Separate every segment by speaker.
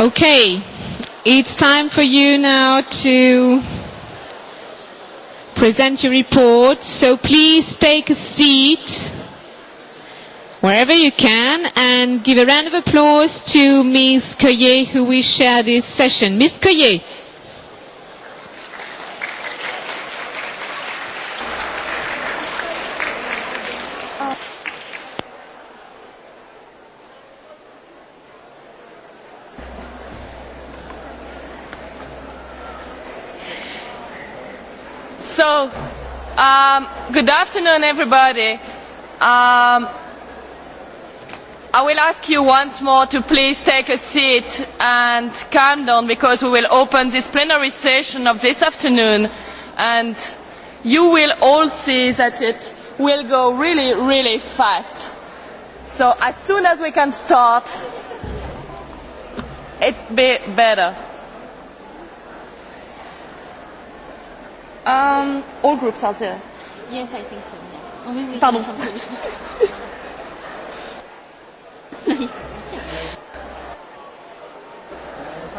Speaker 1: Okay, it's time for you now to present your report. So please take a seat wherever you can and give a round of applause to Ms. Coyer who will share this session. Ms. Coyer.
Speaker 2: Good afternoon, everybody. Um, I will ask you once more to please take a seat and calm down because we will open this plenary session of this afternoon and you will all see that it will go really, really fast. So as soon as we can start, it be better. Um, all groups are there.
Speaker 3: Yes, I think so. Yeah.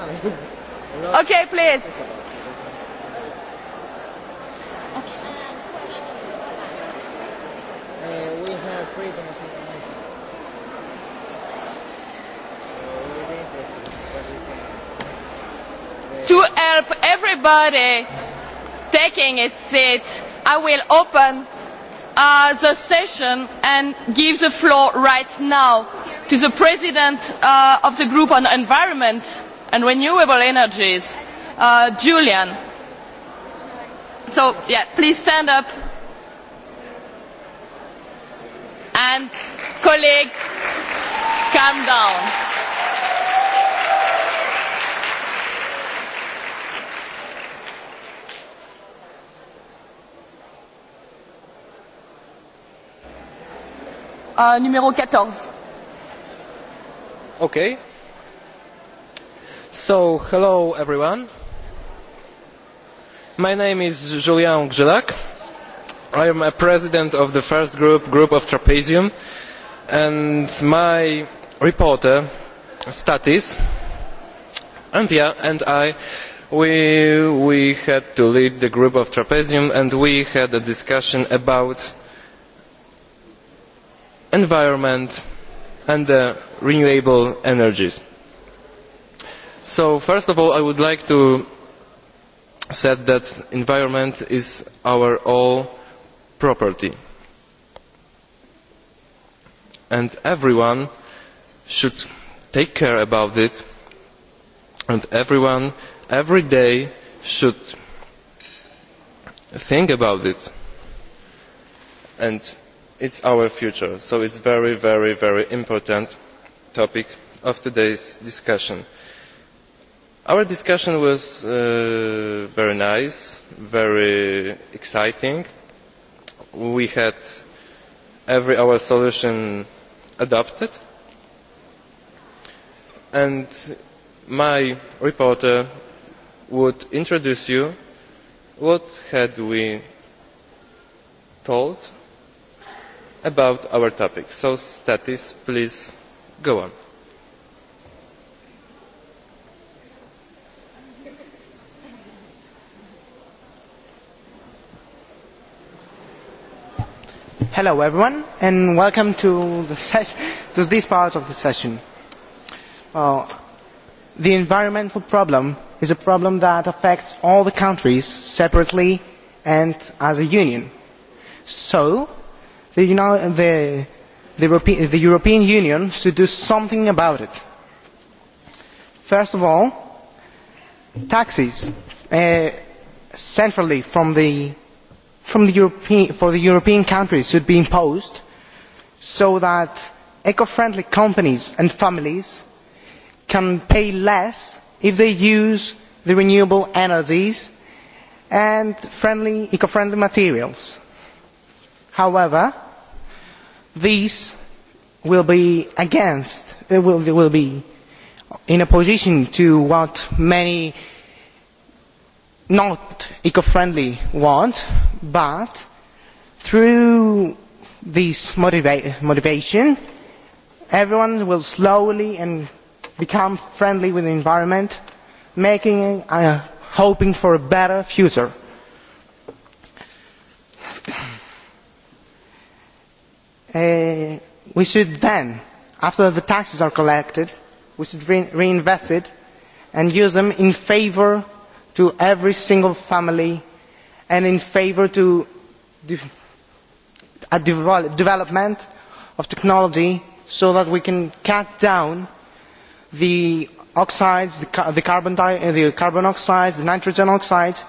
Speaker 4: maybe okay, please.
Speaker 2: To help everybody taking a seat. I will open the session and give the floor right now to the President of the Group on Environment and Renewable Energies, Julian. So, yeah, please stand up. And colleagues, calm down. numéro 14.
Speaker 5: Okay. So, hello everyone. My name is Julian Gjelak. I am a president of the first group, Group of Trapezium, and my reporter, Statis, and, and I, we, we had to lead the Group of Trapezium and we had a discussion about environment and renewable energies. So first of all I would like to say that environment is our all property and everyone should take care about it and everyone every day should think about it and It's our future so it's is a very very important topic of today's discussion. our discussion was very nice very exciting. we had every our solution adopted and my reporter would introduce you what had we told about our topic. So, Statis, please go on.
Speaker 6: Hello everyone and welcome to this part of the session. The environmental problem is a problem that affects all the countries separately and as a union. So the European Union should do something about it. First of all, taxes centrally from the for the European countries should be imposed so that eco-friendly companies and families can pay less if they use the renewable energies and eco-friendly materials. However, these will be against, will be in opposition to what many not eco-friendly want, but through this motivation, everyone will slowly and become friendly with the environment, making hoping for a better future. we should then after the taxes are collected we should reinvest it and use them in favour to every single family and in favour to the development of technology so that we can cut down the oxides the carbon oxides the nitrogen oxides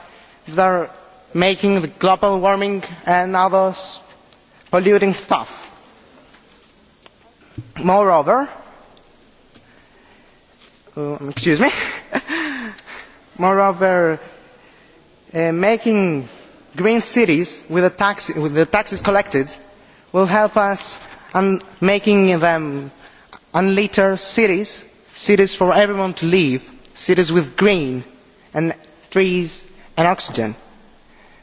Speaker 6: that are making the global warming and other polluting stuff. Moreover, excuse me, moreover, making green cities with the taxes collected will help us in making them unlitter cities, cities for everyone to live, cities with green and trees and oxygen.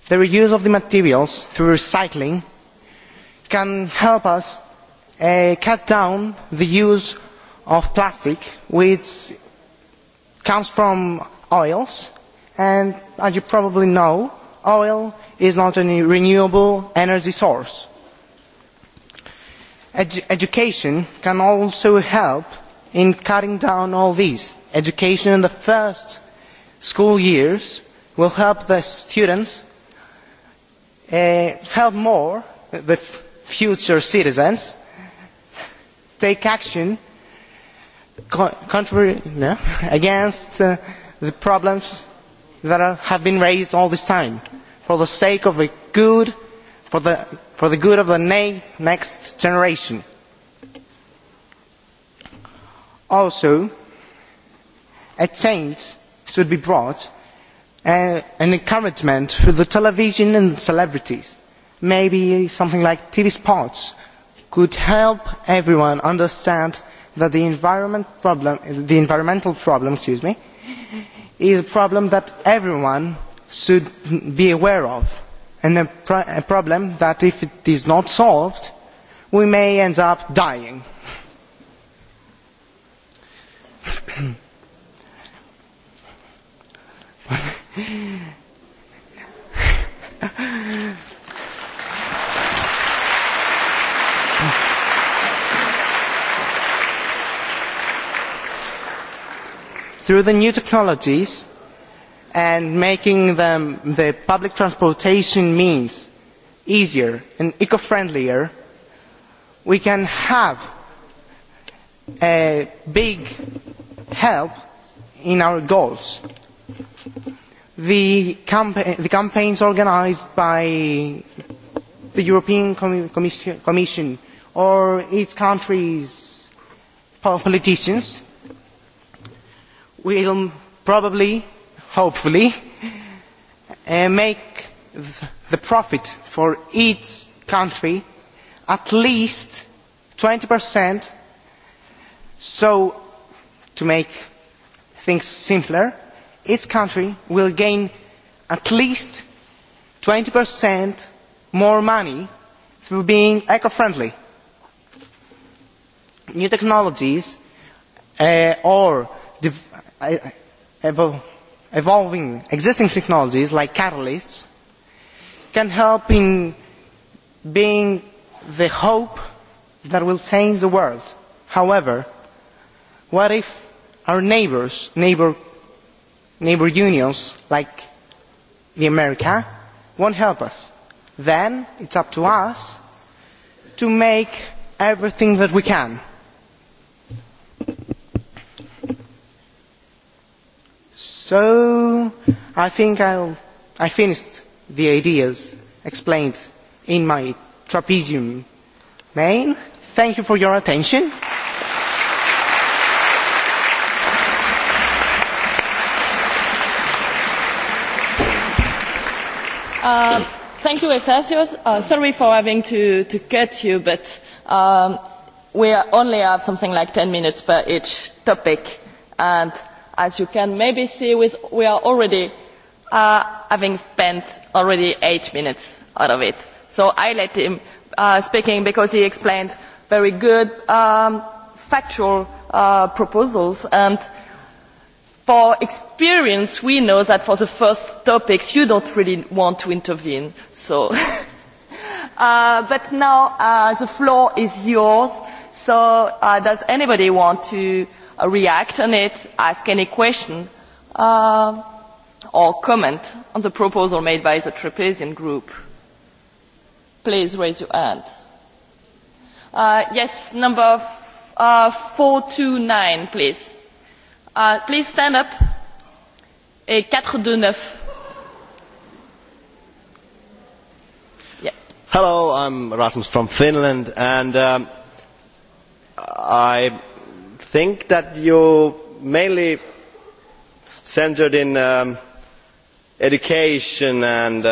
Speaker 6: The reuse of the materials through recycling can help us cut down the use of plastic which comes from oils and as you probably know oil is not a renewable energy source. Education can also help in cutting down all these. Education in the first school years will help the students help more the future citizens take action against the problems that have been raised all this time for the sake of the good for the good of the next generation. Also, a change should be brought an encouragement for the television and celebrities, maybe something like TV spots could help everyone understand that the environmental problem is a problem that everyone should be aware of and a problem that if it is not solved we may end up dying. through the new technologies and making the public transportation means easier and eco friendlier we can have a big help in our goals. The campaigns organised by the European Commission or its countries' politicians will probably, hopefully, make the profit for each country at least 20%. So, to make things simpler, each country will gain at least 20% more money through being eco-friendly. New technologies or evolving existing technologies like catalysts can help in being the hope that will change the world. However, what if our neighbours, neighbour unions like the America, won't help us? Then it's up to us to make everything that we can So I think I finished the ideas explained in my trapezium main. Thank you for your attention. Thank
Speaker 2: you, Sorry for having to cut you, but we only have something like 10 minutes per each topic. and as you can maybe see we are already having spent already eight minutes out of it so i let him speaking because he explained very good factual proposals and for experience we know that for the first topics you don't really want to intervene so but now the floor is yours so does anybody want to react on it, ask any question or comment on the proposal made by the Trapezian Group. Please raise your hand. Yes, number 429, please. Please stand up. Et 429.
Speaker 7: Hello, I'm Rasmus from Finland, and I think that you mainly centred in education and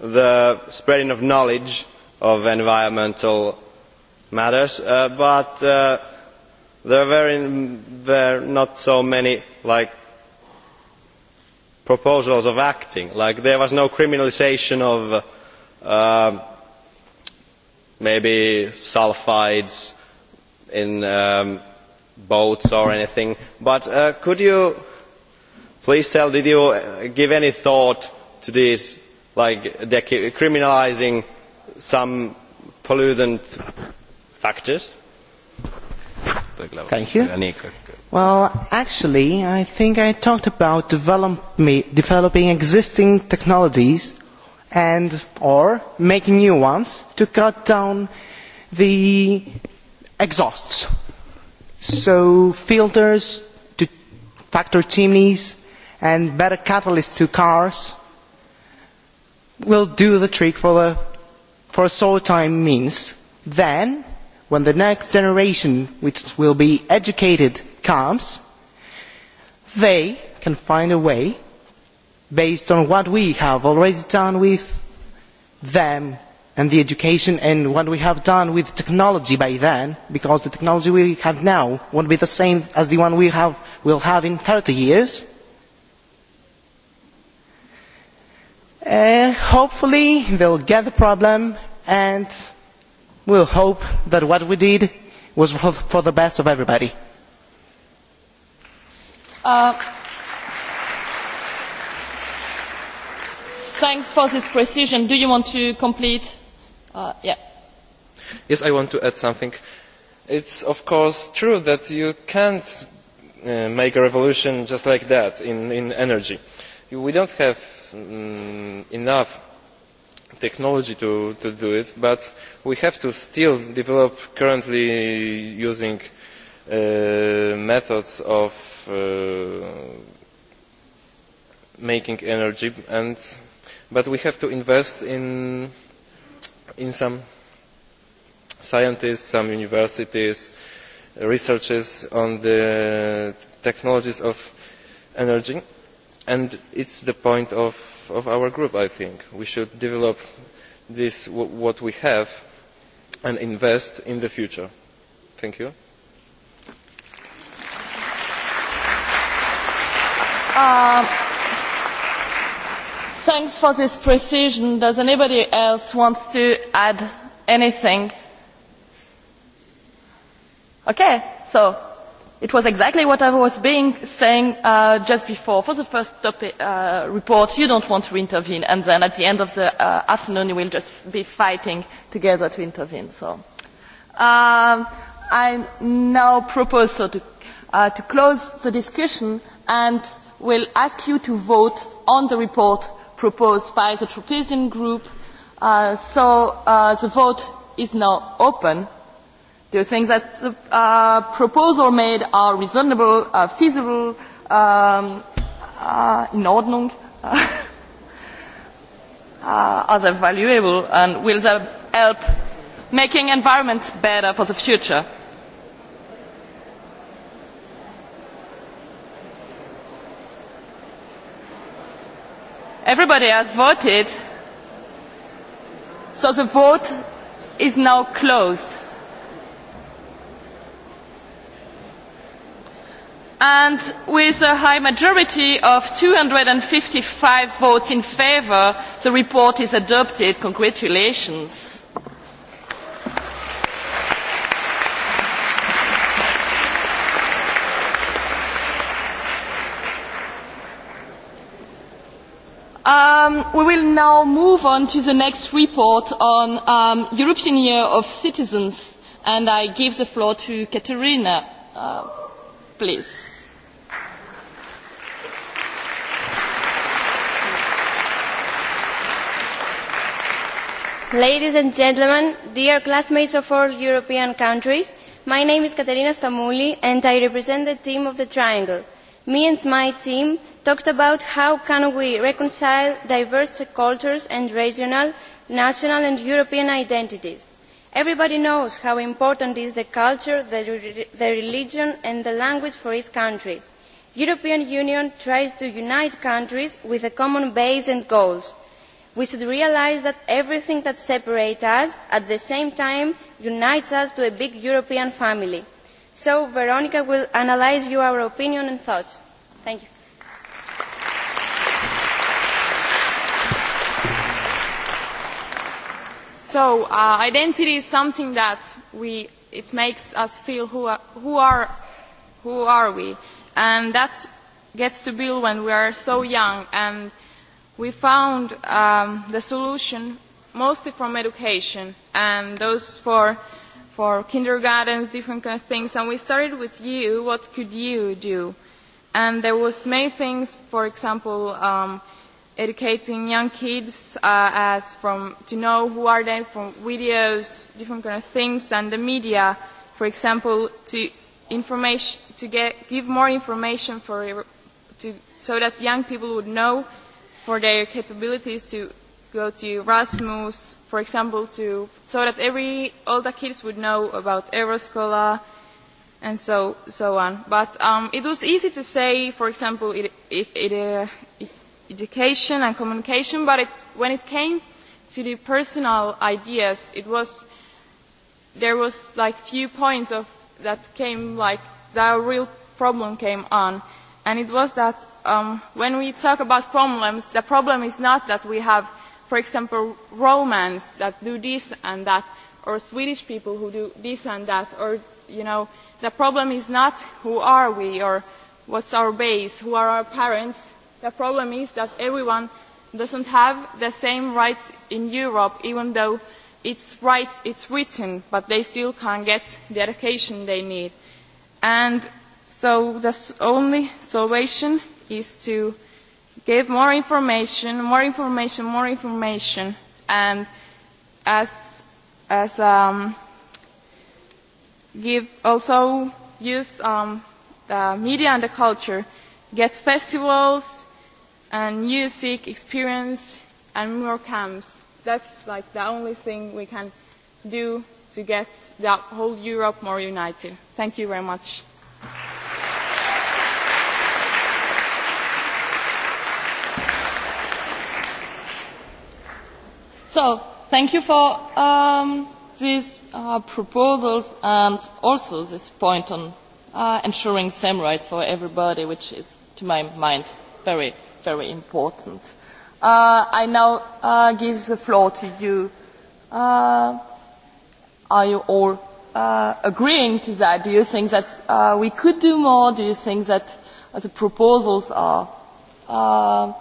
Speaker 7: the spreading of knowledge of environmental matters but there were not so many like proposals of acting like there was no criminalisation of maybe sulphides in boats or anything but could you please tell did you give any thought to this like criminalising some pollutant factors? Thank you
Speaker 6: Well, actually, I think I talked about developing existing technologies and or making new ones to cut down the exhausts so filters to factor chimneys and better catalysts to cars will do the trick for for a short time means then when the next generation which will be educated comes they can find a way based on what we have already done with them and the education and what we have done with technology by then, because the technology we have now won't be the same as the one we will have in 30 years. Hopefully they'll get the problem and we'll hope that what we did was for the best of everybody.
Speaker 2: Thanks for this precision. Do you want to complete?
Speaker 5: Yes, I want to add something. It's of course true that you can't make a revolution just like that in energy. We don't have enough technology to do it, but we have to still develop currently using methods of making energy, but we have to invest in in some scientists, some universities, researchers on the technologies of energy. And it's the point of our group, I think. We should develop this, what we have, and invest in the future. Thank you.
Speaker 2: Thanks for this precision. Does anybody else want to add anything? Okay, so it was exactly what I was being saying just before. For the first report, you don't want to intervene, and then at the end of the afternoon you will just be fighting together to intervene. So I now propose to close the discussion and will ask you to vote on the report proposed by the Tropezian Group. So the vote is now open. Do you think that the proposal made are reasonable, feasible, in ordnung, are they valuable, and will they help making environment better for the future? Everybody has voted. So the vote is now closed. And with a high majority of 255 votes in favour, the report is adopted. Congratulations. We will now move on to the next report on European Year of Citizens, and I give the floor to Katerina, please.
Speaker 8: Ladies and gentlemen, dear classmates of all European countries, my name is Katerina Stamouli and I represent the team of the Triangle. Me and my team talked about how can we reconcile diverse cultures and regional, national and European identities. Everybody knows how important is the culture, the religion and the language for each country. The European Union tries to unite countries with a common base and goals. We should realise that everything that separates us at the same time unites us to a big European family. So Veronica will analyse our opinion and thoughts. Thank you.
Speaker 9: So uh identity is something that we it makes us feel who who are who are we, and that gets to build when we are so young. And we found the solution mostly from education and those for for kindergartens, different kind of things. And we started with you. What could you do? And there was many things. For example um educating young kids as from to know who are they from videos, different kind of things and the media, for example, to information to get give more information for to so that young people would know for their capabilities to go to Erasmus, for example, to so that every all the kids would know about Euroscola and so so on. But um, it was easy to say, for example, it, it, it education and communication, but when it came to the personal ideas, it was there was like few points of that came like the real problem came on, and it was that when we talk about problems, the problem is not that we have, for example, Romans that do this and that, or Swedish people who do this and that, or you know, the problem is not who are we or what's our base, who are our parents The problem is that everyone doesn't have the same rights in Europe, even though it's rights it's written, but they still can't get the education they need. And so the only solution is to give more information, more information, more information, and as as um, give also use um, the media and the culture, get festivals and music experience and more camps. That's like the only thing we can do to get the whole Europe more united. Thank you very much.
Speaker 2: So, thank you for um, these uh, proposals and also this point on uh, ensuring same rights for everybody, which is, to my mind, very very important. I now give the floor to you. Are you all agreeing to that? Do you think that we could do more? Do you think that the proposals are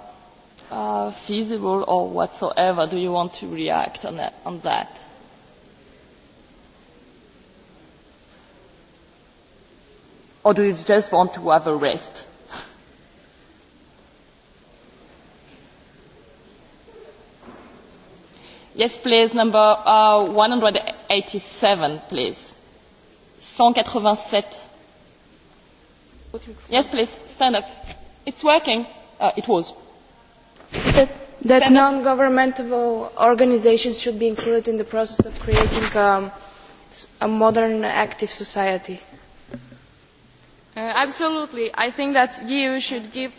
Speaker 2: feasible or whatsoever? Do you want to react on that? Or do you just want to have a rest? Yes, please, number 187, please. 187. Yes, please, stand up. It's working. it was.
Speaker 3: That,
Speaker 9: non-governmental organizations should be included in the process of creating a modern, active society. absolutely. I think that EU should give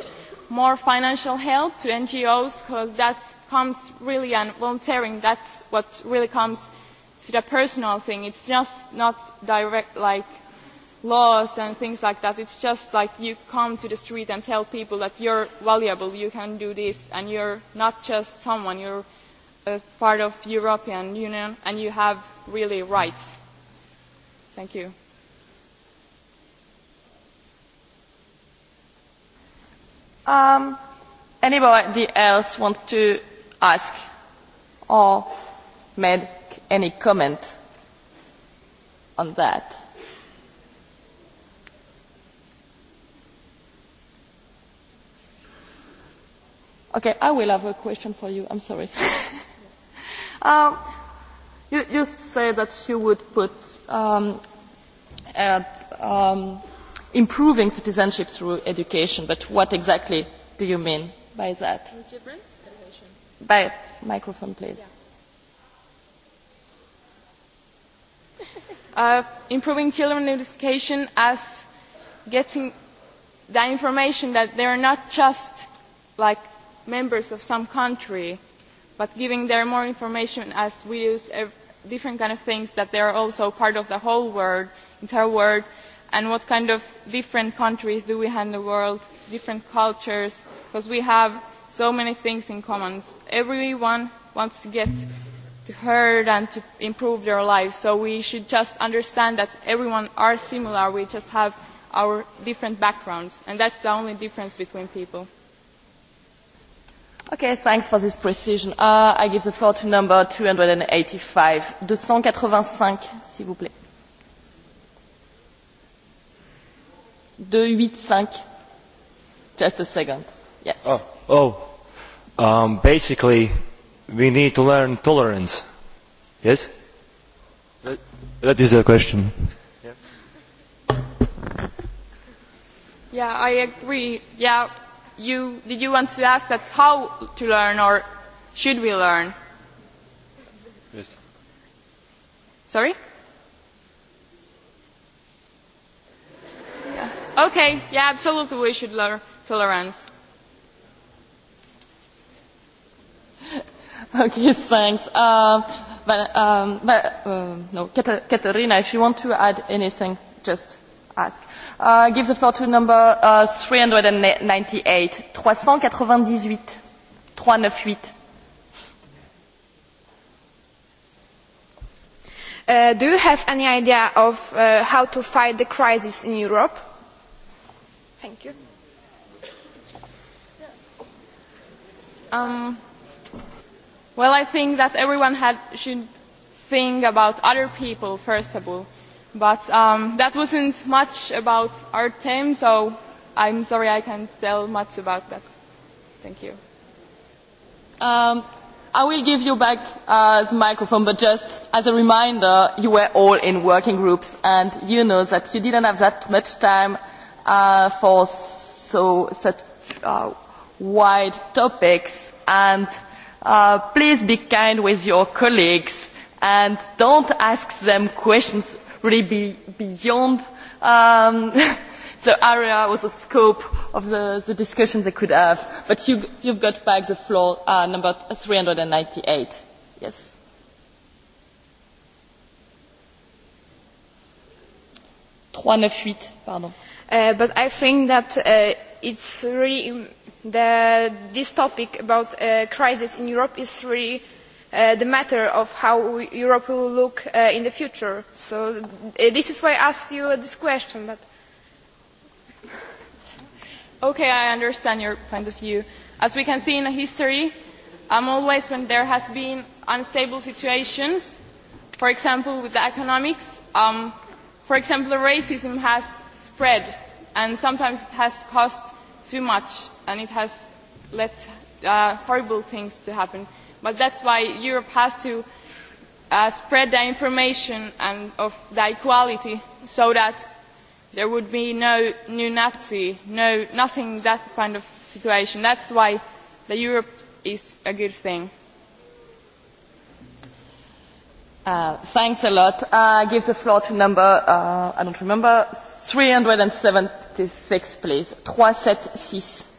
Speaker 9: more financial help to NGOs because that's comes really and volunteering that's what really comes to the personal thing it's just not direct like laws and things like that it's just like you come to the street and tell people that you're valuable you can do this and you're not just someone you're a part of european union and you have really rights
Speaker 2: thank you um anybody else wants to ask or make any comment on that? Okay, I will have a question for you. I'm sorry. you, you say that you would put at, um, improving citizenship through education, but what exactly do you mean by that? By microphone, please.
Speaker 9: Improving children education as getting the information that they are not just like members of some country, but giving them more information as we use different kind of things that they are also part of the whole world, entire world, and what kind of different countries do we have in the world, different cultures, because we have so many things in common. Everyone wants to get to heard and to improve their lives, so we should just understand that everyone are similar, we just have our different backgrounds, and that's the only difference between people.
Speaker 2: Okay, thanks for this precision. I give the floor to number 285. 285, s'il vous plaît. 285. Just a second. Yes.
Speaker 7: Oh basically we need to learn tolerance. Yes? That is the question.
Speaker 9: Yeah, I agree. Yeah, you did you want to ask that how to learn or should we learn? Yes. Sorry? Okay, yeah, absolutely we should learn tolerance.
Speaker 2: Okay, thanks. Uh, but but um, No, Katerina, if you want to add anything, just ask. Give the floor to number 398. 398. 398.
Speaker 3: Do you have any idea of how to fight the crisis in Europe? Thank you. Um.
Speaker 9: Well, I think that everyone should think about other people, first of all. But that wasn't much about our team, so I'm sorry I can't tell much about that. Thank you.
Speaker 2: I will give you back the microphone, but just as a reminder, you were all in working groups, and you know that you didn't have that much time for so such wide topics, and please be kind with your colleagues and don't ask them questions really beyond the area or the scope of the discussion they could have. But you've got back the floor, number 398. Yes.
Speaker 3: But I think that it's really this topic about crisis in Europe
Speaker 9: is really the matter of how Europe will look in the future. So this is why I asked you this question. But okay, I understand your point of view. As we can see in history, always when there has been unstable situations, for example with the economics, for example racism has spread and sometimes it has cost too much and it has let horrible things to happen. But that's why Europe has to spread the information and of the equality so that there would be no new Nazi, no nothing that kind of situation. That's why the Europe is a good thing.
Speaker 2: Thanks a lot. Give the floor to number I don't remember 376 please. 376.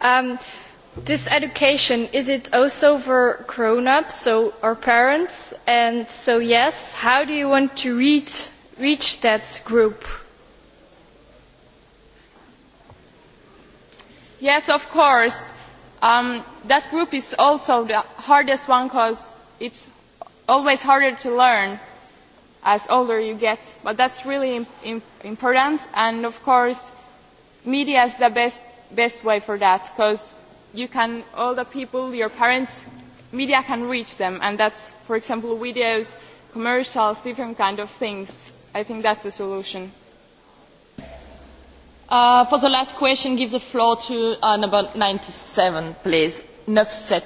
Speaker 2: Um,
Speaker 3: this education, is it also for grown-ups, so our parents? And so yes, how do you want to reach, reach that group?
Speaker 9: Yes, of course That group is also the hardest one because it's always harder to learn as older you get, but that's really important. And of course, media is the best best way for that because you can all the people, your parents, media can reach them, and that's, for example, videos, commercials, different kind of things. I think that's the solution.
Speaker 2: For the last question, give the floor to number 97, please. 97.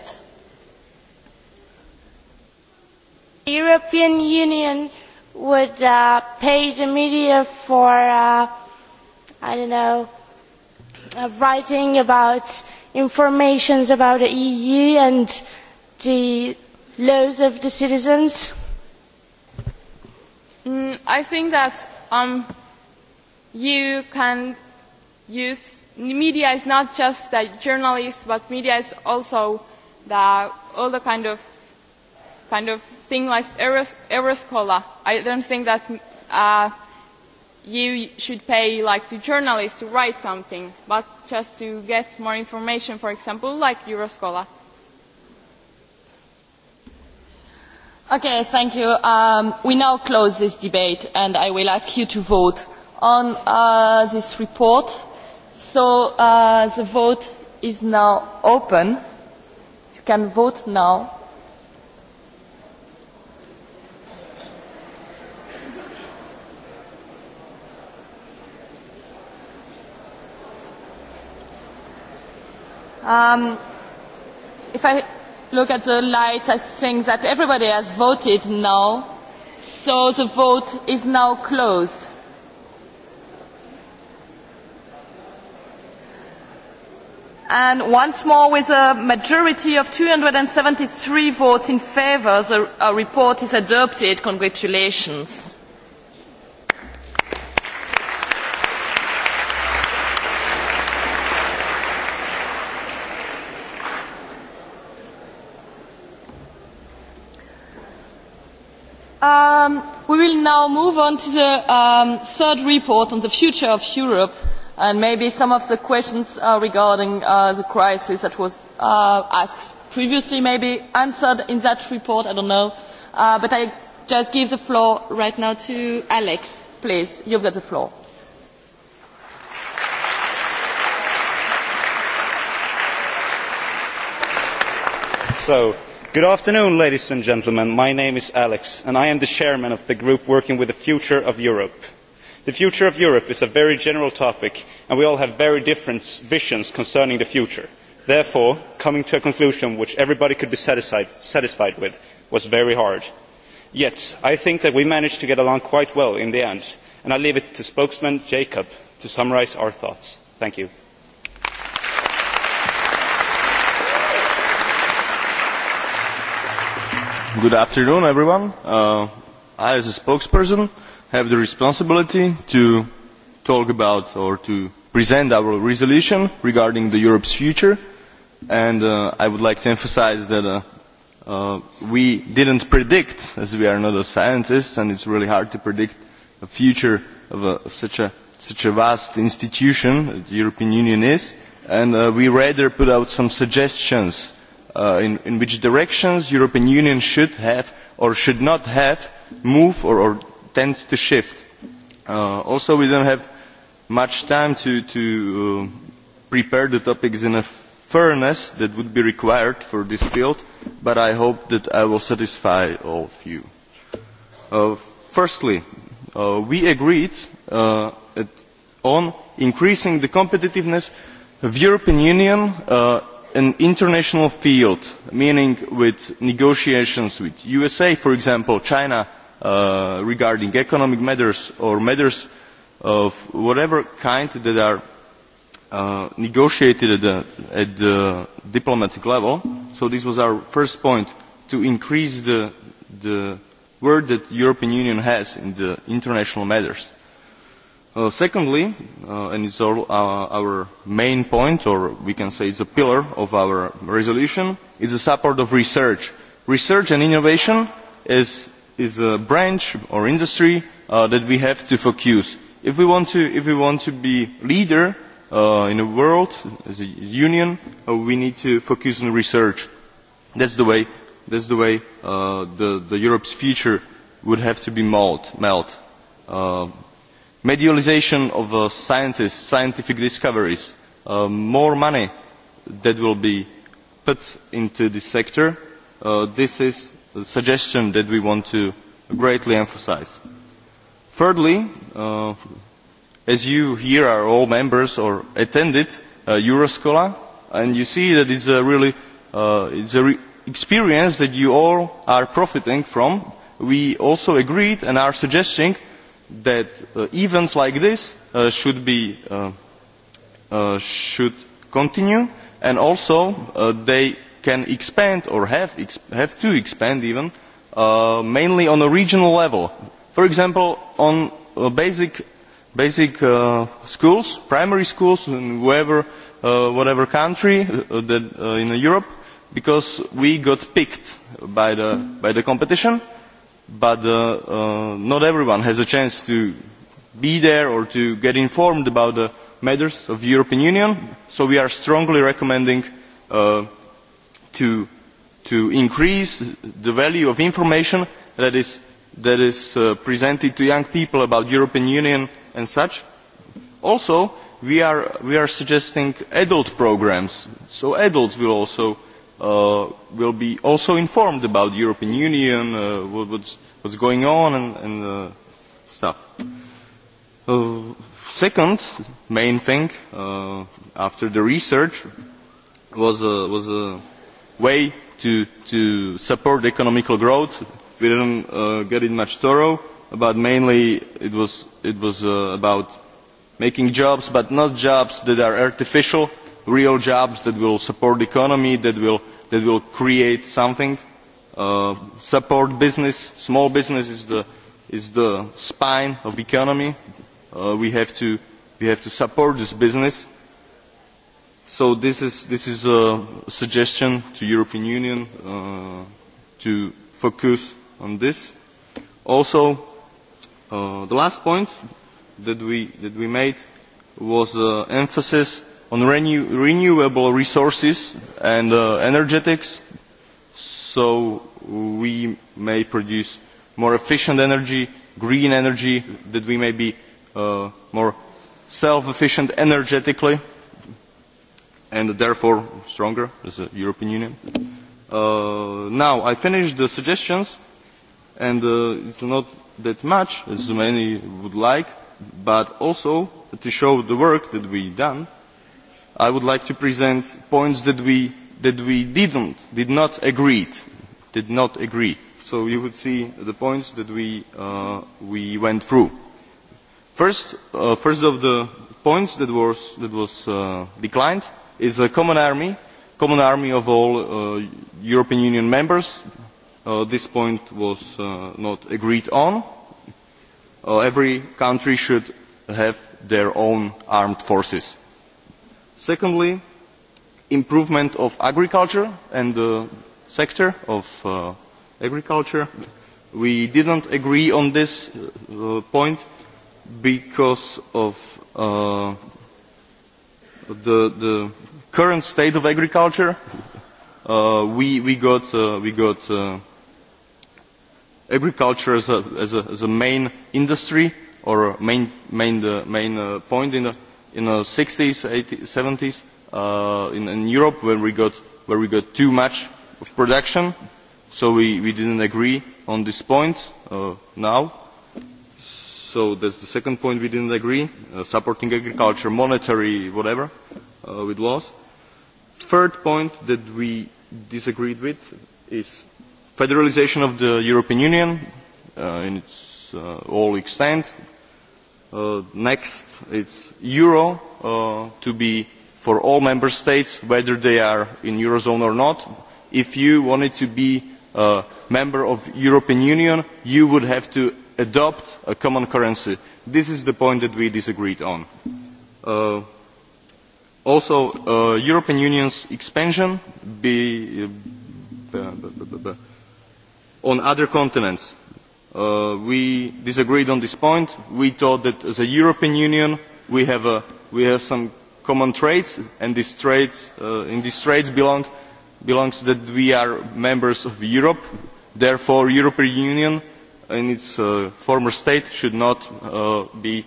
Speaker 10: The European Union would pay the media for, I don't know, writing about information
Speaker 3: about the EU and the laws of the citizens?
Speaker 9: I think that you can use media is not just the journalists but media is also the all the kind of kind of thing like Euroscola. I don't think that uh, you should pay like to journalists to write something, but just to get more information, for example, like Euroscola.
Speaker 2: Okay, thank you. Um, we now close this debate, and I will ask you to vote on uh, this report So the vote is now open. You can vote now. Um, if I look at the lights, I think that everybody has voted now. So the vote is now closed. and once more with a majority of two hundred and seventy three votes in favour the report is adopted. congratulations. we will now move on to the third report on the future of europe and maybe some of the questions regarding the crisis that was asked previously may be answered in that report i don't know but i just give the floor right now to alex please you've got the floor
Speaker 6: so good afternoon ladies and gentlemen my name is alex and i am the chairman of the group working with the future of europe the future of europe is a very general topic and we all have very different visions concerning the future. therefore coming to a conclusion which everybody could be satisfied with was very hard. yet i think that we managed to get along quite well in the end and i leave it to spokesman jacob to summarise our thoughts. thank you.
Speaker 7: good afternoon everyone. i as a spokesperson have the responsibility to talk about or to present our resolution regarding the Europe's future. And I would like to emphasize that we didn't predict, as we are not scientists scientist, and it's really hard to predict the future of such a vast institution the European Union is. And we rather put out some suggestions in which directions the European Union should have or should not have moved or tends to shift. Also, we don't have much time to prepare the topics in a fairness that would be required for this field, but I hope that I will satisfy all of you. Firstly, we agreed on increasing the competitiveness of the European Union in international field, meaning with negotiations with USA, for example, China regarding economic matters or matters of whatever kind that are negotiated at the diplomatic level. So this was our first point, to increase the word that the European Union has in the international matters. Secondly, and it's our main point, or we can say it's a pillar of our resolution, is the support of research. Research and innovation as is a branch or industry that we have to focus. If we want to, be leader in the world as a union, we need to focus on research. That's the way, that's the way the, Europe's future would have to be melt. melt. medialization of scientists, scientific discoveries, more money that will be put into this sector. This is suggestion that we want to greatly emphasize. Thirdly, as you here are all members or attended Euroscola, and you see that it's a really it's an experience that you all are profiting from, we also agreed and are suggesting that events like this should be should continue and also they can expand or have to expand even mainly on a regional level. For example, on basic schools, primary schools in whatever country in Europe, because we got picked by the competition, but not everyone has a chance to be there or to get informed about the matters of the European Union, so we are strongly recommending to increase the value of information that is presented to young people about European Union and such. Also, we are suggesting adult programs, so adults will also be also informed about the European Union, what's going on and stuff. Second main thing after the research was was way to support economic growth. We did not get it much thorough, but mainly it was about making jobs, but not jobs that are artificial, real jobs that will support the economy, that will create something, support business. Small business is the spine of the economy. We have to support this business So this is this is a suggestion to European Union to focus on this. Also, the last point that we that we made was emphasis on renewable resources and energetics, so we may produce more efficient energy, green energy, that we may be more self-efficient energetically and therefore stronger as a European Union. Now, I finished the suggestions, and it's not that much, as many would like, but also to show the work that we done, I would like to present points that we that we didn't, did not agree, did not agree. So you would see the points that we we went through. First, first of the points that was that was declined is a common army, common army of all European Union members. This point was not agreed on. Every country should have their own armed forces. Secondly, improvement of agriculture and the sector of agriculture. We didn't agree on this point because of the current state of agriculture, we we got we got agriculture as a main industry or main main main point in the in the 60s, 80s, 70s in Europe when we got where we got too much of production, so we we didn't agree on this point now So that's the second point we didn't agree, supporting agriculture, monetary, whatever, with laws. Third point that we disagreed with is federalisation of the European Union in its all extent. Next, it's euro to be for all member states, whether they are in eurozone or not. If you wanted to be a member of European Union, you would have to adopt a common currency. This is the point that we disagreed on. Also, the European Union's expansion on other continents. We disagreed on this point. We thought that as a European Union we have some common traits and in these traits belongs that we are members of Europe, therefore European Union in its former state should not be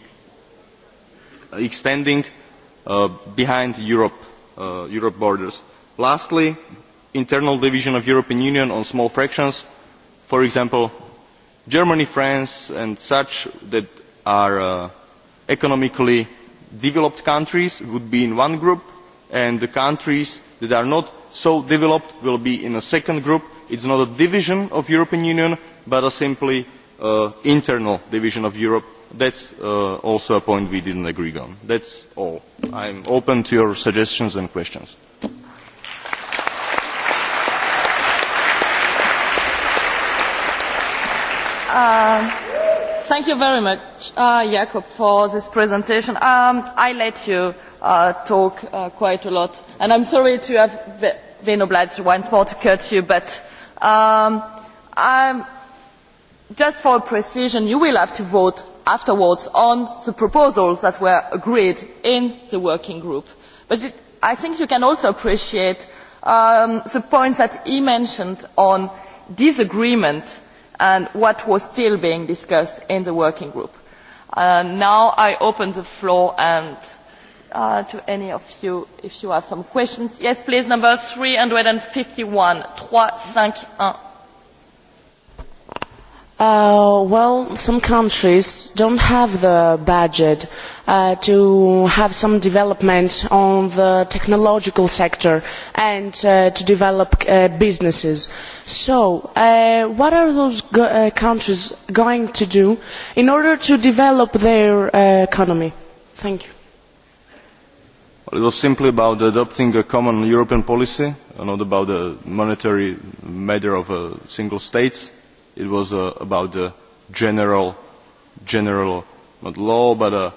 Speaker 7: extending behind Europe borders. Lastly, internal division of European Union on small fractions, for example, Germany, France and such that are economically developed countries would be in one group and the countries that are not so developed will be in a second group. It is not a division of the European Union but a simply internal division of Europe. That's also a point we didn't agree on. That's all. I'm open to your suggestions and questions.
Speaker 2: Thank you very much, Jakob, for this presentation. I let you talk quite a lot, and I'm sorry to have been obliged once more to cut you, but I'm just for precision you will have to vote afterwards on the proposals that were agreed in the working group but i think you can also appreciate the points that he mentioned on disagreement and what was still being discussed in the working group. now i open the floor to any of you if you have some questions. yes please number three hundred and 351. one
Speaker 6: Well, some countries don't have the budget to have some development on the technological sector and to develop businesses. So, what are those countries going to do in order to develop their economy? Thank you.
Speaker 7: It was simply about adopting a common European policy, not about a monetary matter of single states it was about the general general not law but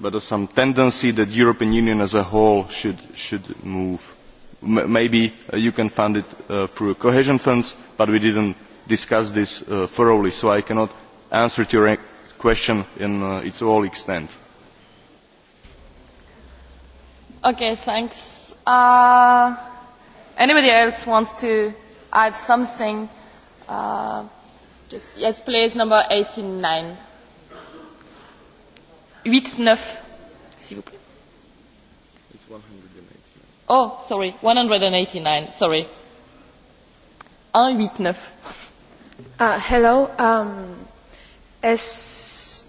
Speaker 7: but some tendency that European Union as a whole should should move. Maybe you can fund it through cohesion funds, but we didn't discuss this thoroughly, so I cannot answer to your question in its whole extent.
Speaker 2: Okay, thanks. Anybody else wants to add something? Yes, please, number 89. 8-9, s'il vous plaît. Oh, sorry, 189, sorry. 189. Uh, hello. Um,
Speaker 9: as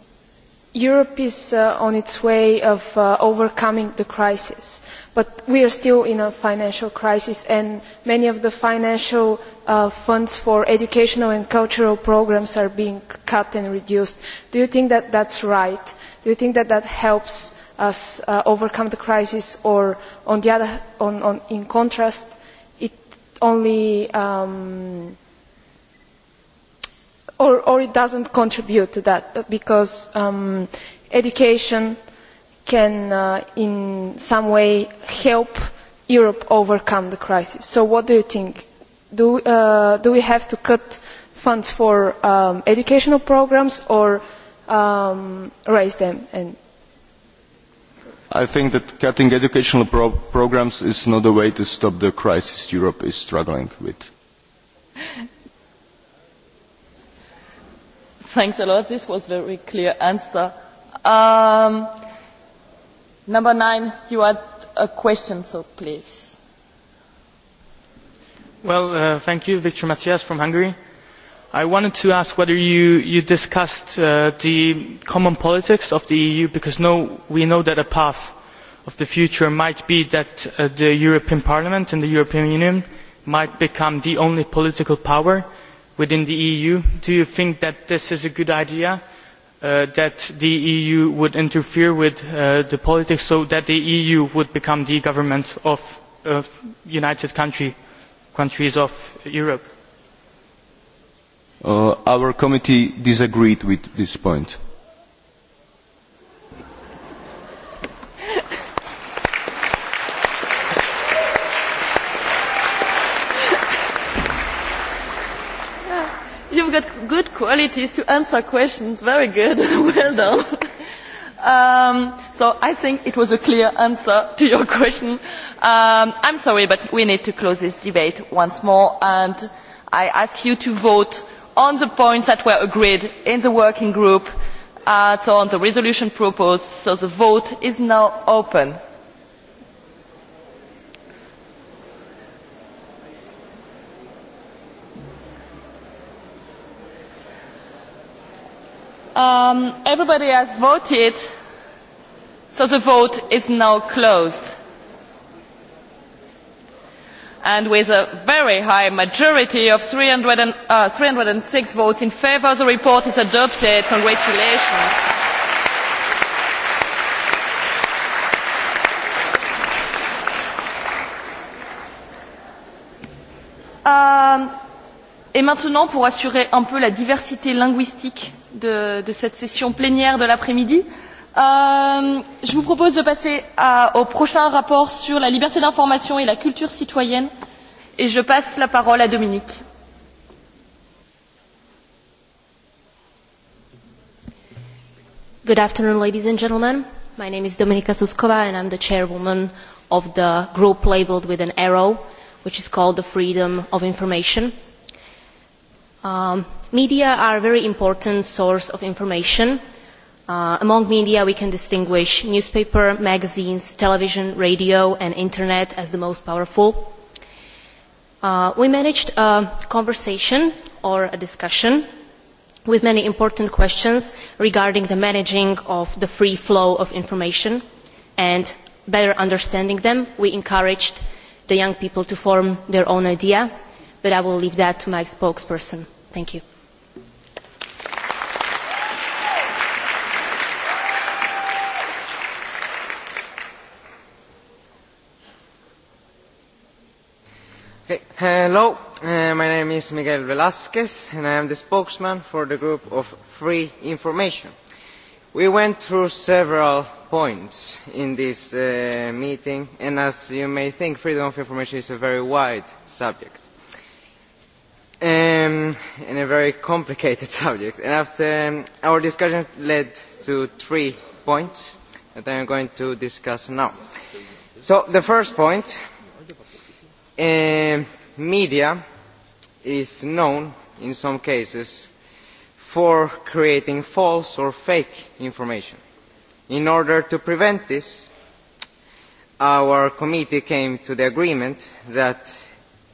Speaker 9: Europe is on its way of overcoming the crisis, But we are still in a financial crisis and many of the financial funds for educational and cultural programmes are being cut and reduced. Do you think that that's right? Do you think that that helps us overcome the crisis or, on the in contrast, it only or, or it doesn't contribute to that because education can in some way help Europe overcome the crisis. So what do you think? Do we have to cut funds for educational programs or raise them?
Speaker 7: I think that cutting educational programs is not a way to stop the crisis Europe is struggling with.
Speaker 2: Thanks a lot. This was a very clear answer. Number nine, you had a question, so please.
Speaker 11: thank you, Matias from Hungary. I wanted to ask whether you you discussed the common politics of the EU, because we know that a path of the future might be that the European Parliament and the European Union might become the only political power within the EU. Do you think that this is a good idea? that the EU would interfere with the politics so that the EU would become the government of united countries of Europe?
Speaker 7: Our committee disagreed with this point.
Speaker 2: you've got good qualities to answer questions. Very good. Well done. So I think it was a clear answer to your question. I'm sorry, but we need to close this debate once more, and I ask you to vote on the points that were agreed in the working group, so on the resolution proposed. So the vote is now open. Everybody has voted, so the vote is now closed. And with a very high majority of 306 votes in favour, the report is adopted. Congratulations. Et maintenant, pour assurer un peu la diversité linguistique de cette session plénière de l'après-midi, je vous propose de passer au prochain rapport sur la liberté d'information et la culture citoyenne. Et je passe la parole à Dominique.
Speaker 10: Good afternoon, ladies and gentlemen. My name is Dominika Suskova, and I'm the chairwoman of the group labeled with an arrow, which is called the Freedom of Information media are a very important source of information. among media we can distinguish newspaper magazines television radio and internet as the most powerful. we managed a conversation or a discussion with many important questions regarding the managing of the free flow of information and better understanding them we encouraged the young people to form their own idea but I will leave that to my spokesperson. Thank you.
Speaker 12: Hello, my name is Miguel Velázquez and I am the spokesman for the group of Free Information. We went through several points in this meeting and as you may think freedom of information is a very wide subject in a very complicated subject. And after our discussion led to three points that I am going to discuss now. So the first point, media is known in some cases for creating false or fake information. In order to prevent this, our committee came to the agreement that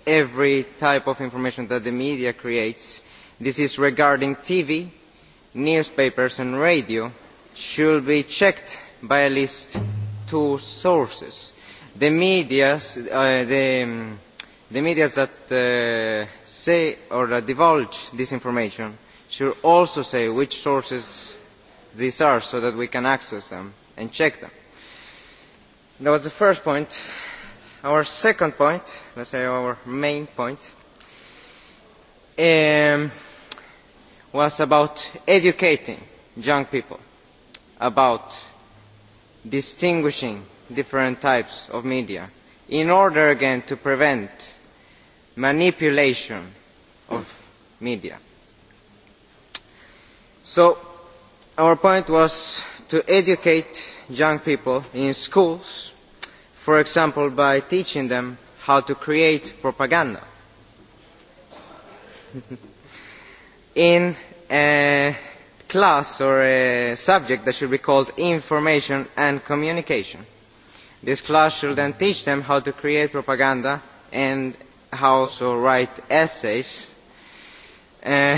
Speaker 12: every type of information that the media creates. This is regarding TV, newspapers and radio should be checked by at least two sources. The medias that say or that divulge this information should also say which sources these are so that we can access them and check them. That was the first point. Our second point, let's say our main point, was about educating young people about distinguishing different types of media in order again to prevent manipulation of media. So our point was to educate young people in schools for example by teaching them how to create propaganda. In a class or a subject that should be called information and communication. This class should then teach them how to create propaganda and how to write essays to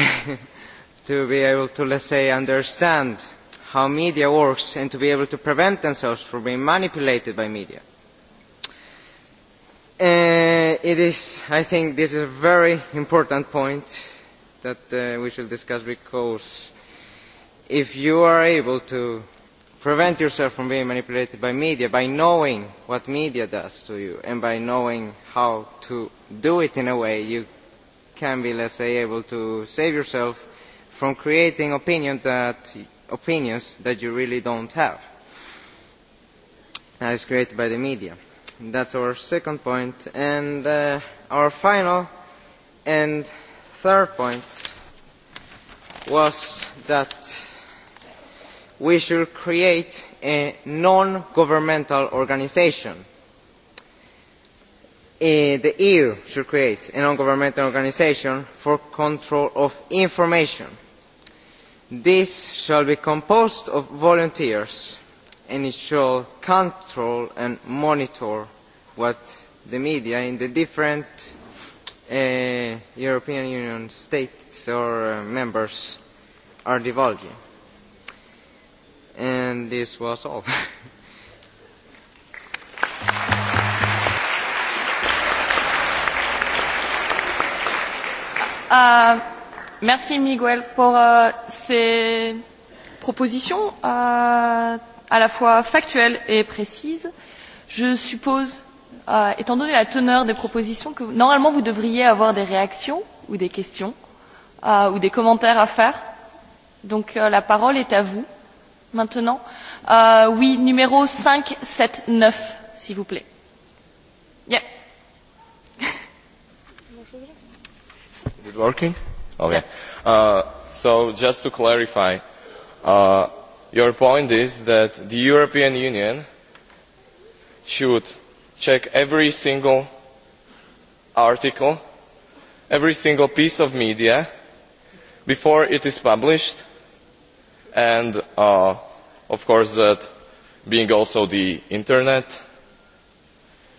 Speaker 12: be able to, let's say, understand how media works and to be able to prevent themselves from being manipulated by media. It is, I think, this is a very important point that we should discuss because if you are able to prevent yourself from being manipulated by media by knowing what media does to you and by knowing how to do it in a way you can be, let's say, able to save yourself from creating opinions that, opinions that you really don't have. That is created by the media That's our second point. And our final and third point was that we should create a non-governmental organisation. The EU should create a non-governmental organisation for control of information. This shall be composed of volunteers initial control and monitor what the media in the different European Union states or members are divulging. And this was all.
Speaker 2: Merci Miguel pour ces propositions à la fois factuelle et précise. Je suppose, étant donné la teneur des propositions, que normalement vous devriez avoir des réactions ou des questions ou des commentaires à faire. Donc la parole est à vous maintenant. Oui, numéro 579, s'il vous plaît
Speaker 7: your point is that the european union should check every single article every single piece of media before it is published and of course that being also the internet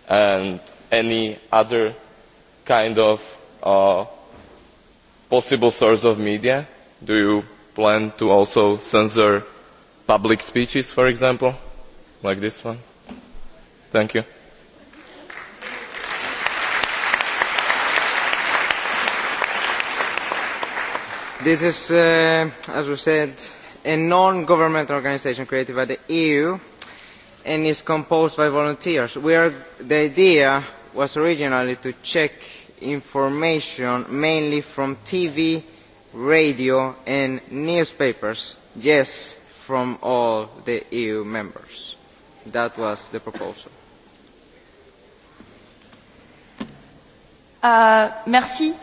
Speaker 7: and any other kind of possible source of media do you plan to also censor public speeches, for example, like this one. Thank
Speaker 12: you. This is, as we said, a non-governmental organisation created by the EU and is composed by volunteers. The idea was originally to check information mainly from TV, radio and newspapers. Yes from all the EU members. That was the proposal.
Speaker 2: Merci.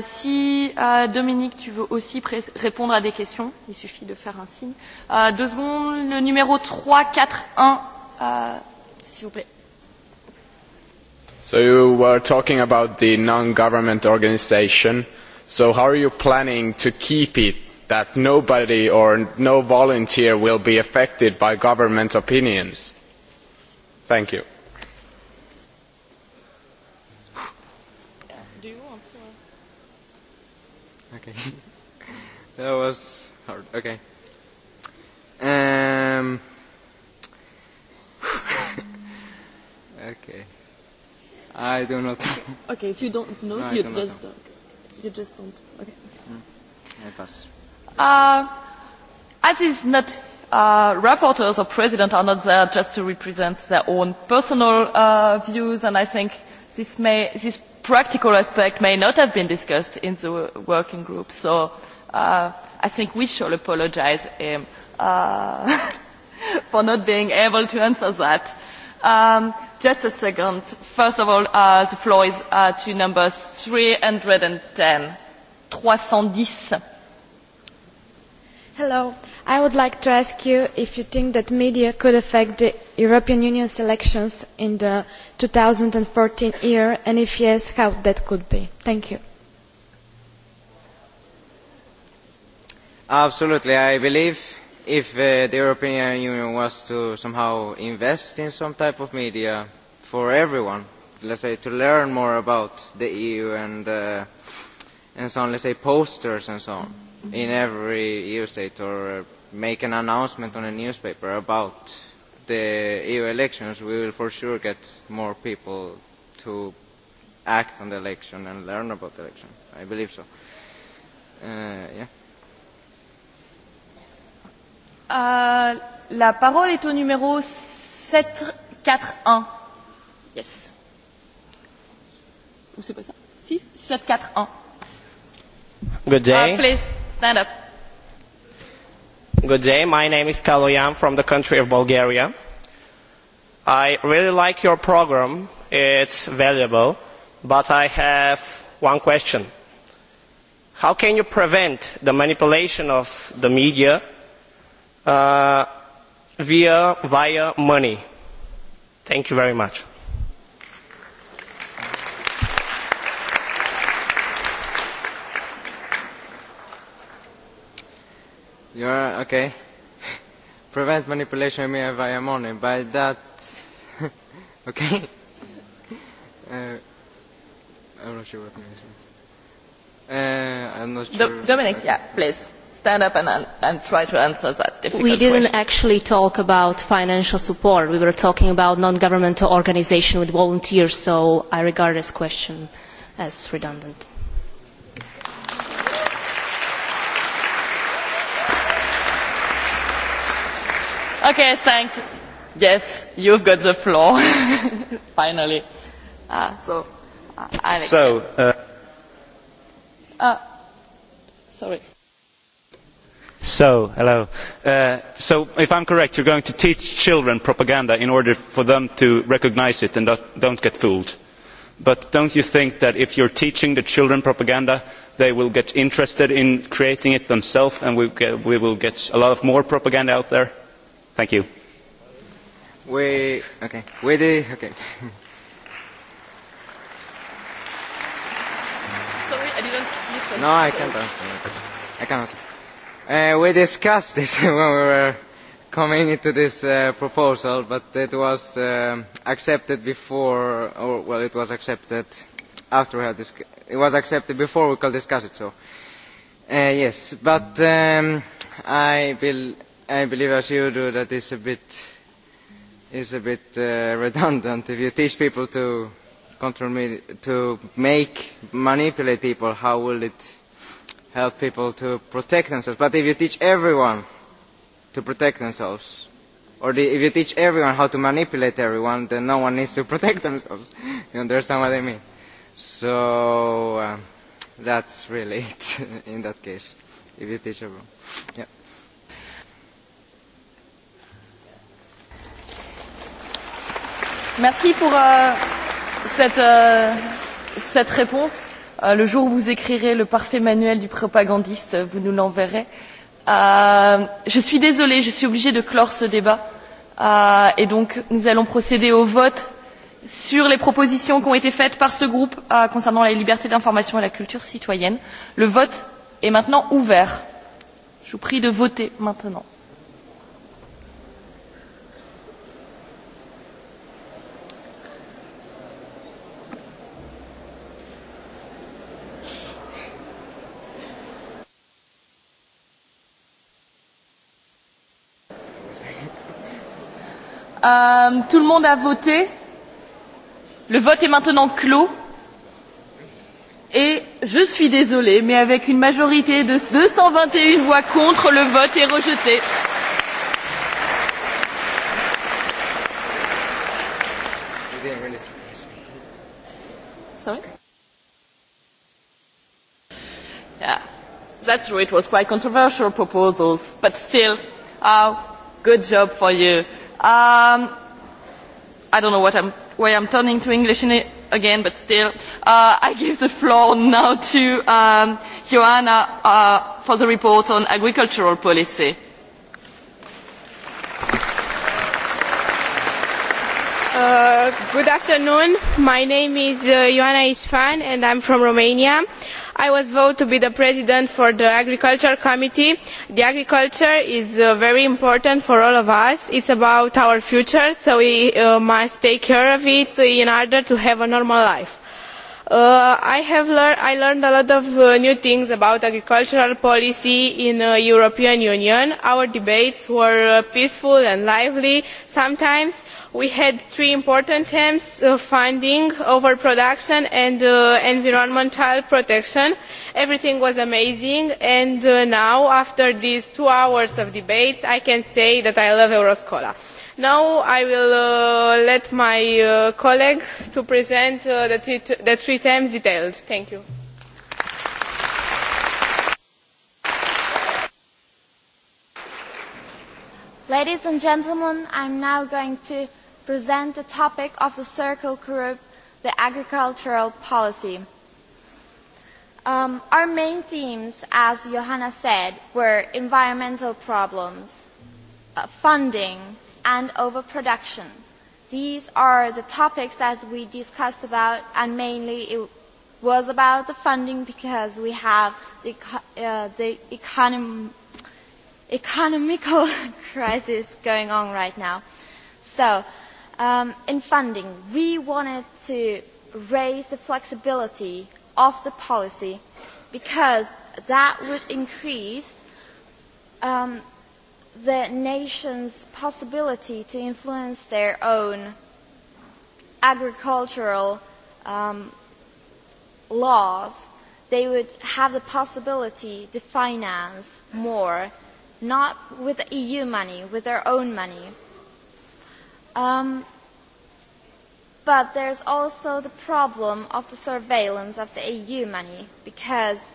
Speaker 2: Si, Dominique, tu veux aussi répondre à des questions, il suffit de faire un signe. Deux secondes, le numéro 341, s'il vous plaît.
Speaker 6: So you were talking about the non-government organization. So how are you planning to keep it that nobody or no volunteer will be affected by government opinions?
Speaker 12: Thank you. Do you want to? Okay. That was hard. Okay. Um. okay. I do not.
Speaker 2: Okay, if you don't know, you just don't. You just don't. Okay. I pass. As is not rapporteurs or presidents are not there just to represent their own personal views, and I think this may this practical aspect may not have been discussed in the working group. So I think we should apologise for not being able to answer that. Um Just a second. First of all, the floor is to number 310. 310.
Speaker 1: Hello. I would like to ask you if you think that media could affect the European
Speaker 8: Union's elections in the 2014 year, and if yes, how that could be. Thank you.
Speaker 12: Absolutely. I believe if the European Union was to somehow invest in some type of media for everyone, let's say to learn more about the EU and, and so on, let's say posters and so on in every EU state or make an announcement on a newspaper about the EU elections, we will for sure get more people to act on the election and learn about the election. I believe so. yeah.
Speaker 2: la parole est au numéro 741. Yes. Ou c'est pas ça Si 741.
Speaker 13: Good day. please. Good day. My name is Kaloyan from the country of Bulgaria. I really like your program. It's valuable. But I have one question. How can you prevent the manipulation of the media via money? Thank you very much.
Speaker 12: You are okay. Prevent manipulation via money. By that, okay. I'm not sure what means. I'm not sure.
Speaker 2: Dominic, yeah, please stand up and and try to answer that difficult We didn't
Speaker 10: actually talk about financial support. We were talking about non-governmental organisation with volunteers. So I regard this question as redundant.
Speaker 2: Okay, thanks. Yes, you've got the floor. Finally. so, So, sorry.
Speaker 6: So, hello. so, if I'm correct, you're going to teach children propaganda in order for them to recognize it and not, don't get fooled. But don't you think that if you're teaching the children propaganda, they will get interested in creating it themselves and we, we will get a lot of more propaganda out there? Thank you.
Speaker 12: We, okay. We did, okay.
Speaker 2: Sorry, I didn't listen. No, I can't answer.
Speaker 12: I can't answer. Uh, we discussed this when we were coming into this uh, proposal, but it was um, accepted before, or well, it was accepted after we had this. It was accepted before we could discuss it. So, uh, yes, but um, I will I believe, as you do, that it's a bit is a bit redundant. If you teach people to control me to make manipulate people, how will it help people to protect themselves? But if you teach everyone to protect themselves, or if you teach everyone how to manipulate everyone, then no one needs to protect themselves. You understand what I mean? So that's really it in that case. If you teach everyone, yeah.
Speaker 2: Merci pour cette réponse. Le jour où vous écrirez le parfait manuel du propagandiste, vous nous l'enverrez. Je suis désolée, je suis obligée de clore ce débat. Et donc, nous allons procéder au vote sur les propositions qui ont été faites par ce groupe concernant la liberté d'information et la culture citoyenne. Le vote est maintenant ouvert. Je vous prie de voter maintenant. Tout le monde a voté. Le vote est maintenant clos. Et je suis désolée, mais avec une majorité de 221 voix contre, le vote est rejeté. Yeah, that's true. It was quite controversial proposals, but still, good job for you. I don't know what I'm, why I'm turning to English again, but still, I give the floor now to Joanna for the report on agricultural policy.
Speaker 9: Good afternoon. My name is Ioana Isfan and I'm from Romania. I was voted to be the president for the Agriculture Committee. agriculture is very important for all of us. It is about our future, so we must take care of it in order to have a normal life. I have learned a lot of new things about agricultural policy in the European Union. Our debates were peaceful and lively sometimes we had three important themes funding overproduction and environmental protection. everything was amazing and now after these two hours of debates i can say that i love euroscola. now i will let my colleague to present the three themes detailed. thank
Speaker 3: you. ladies and gentlemen i now going to present the topic of the circle group, the agricultural policy. Our main themes, as Johanna said, were environmental problems, funding, and overproduction. These are the topics that we discussed about, and mainly it was about the funding because we have the economical crisis going on right now. So In funding, we wanted to raise the flexibility of the policy because that would increase the nation's possibility to influence their own agricultural laws. They would have the possibility to finance more, not with EU money, with their own money But there is also the problem of the surveillance of the EU money, because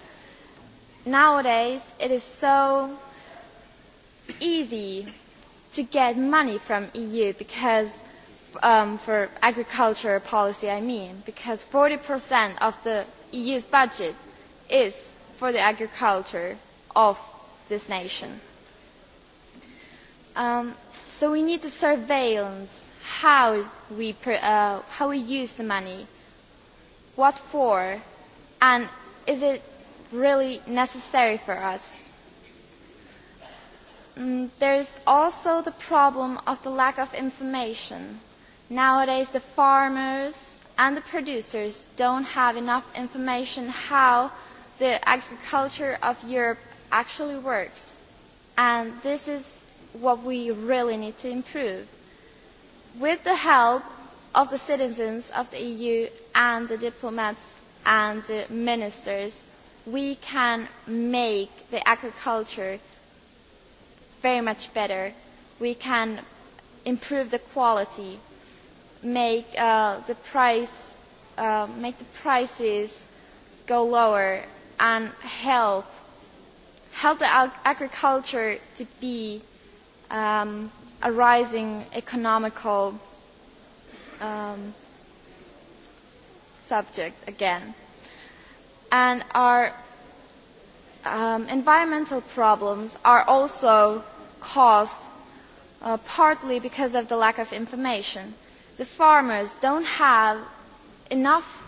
Speaker 3: nowadays it is so easy to get money from EU because for agriculture policy I mean, because 40% of the EU's budget is for the agriculture of this nation. Um So we need to surveillance how we how we use the money, what for, and is it really necessary for us? There is also the problem of the lack of information. Nowadays, the farmers and the producers don't have enough information how the agriculture of Europe actually works, and this is what we really need to improve. With the help of the citizens of the EU and the diplomats and the ministers, we can make the agriculture very much better. We can improve the quality, make the price, make the prices go lower, and help help the agriculture to be a rising economical subject again. And our environmental problems are also caused partly because of the lack of information. The farmers don't have enough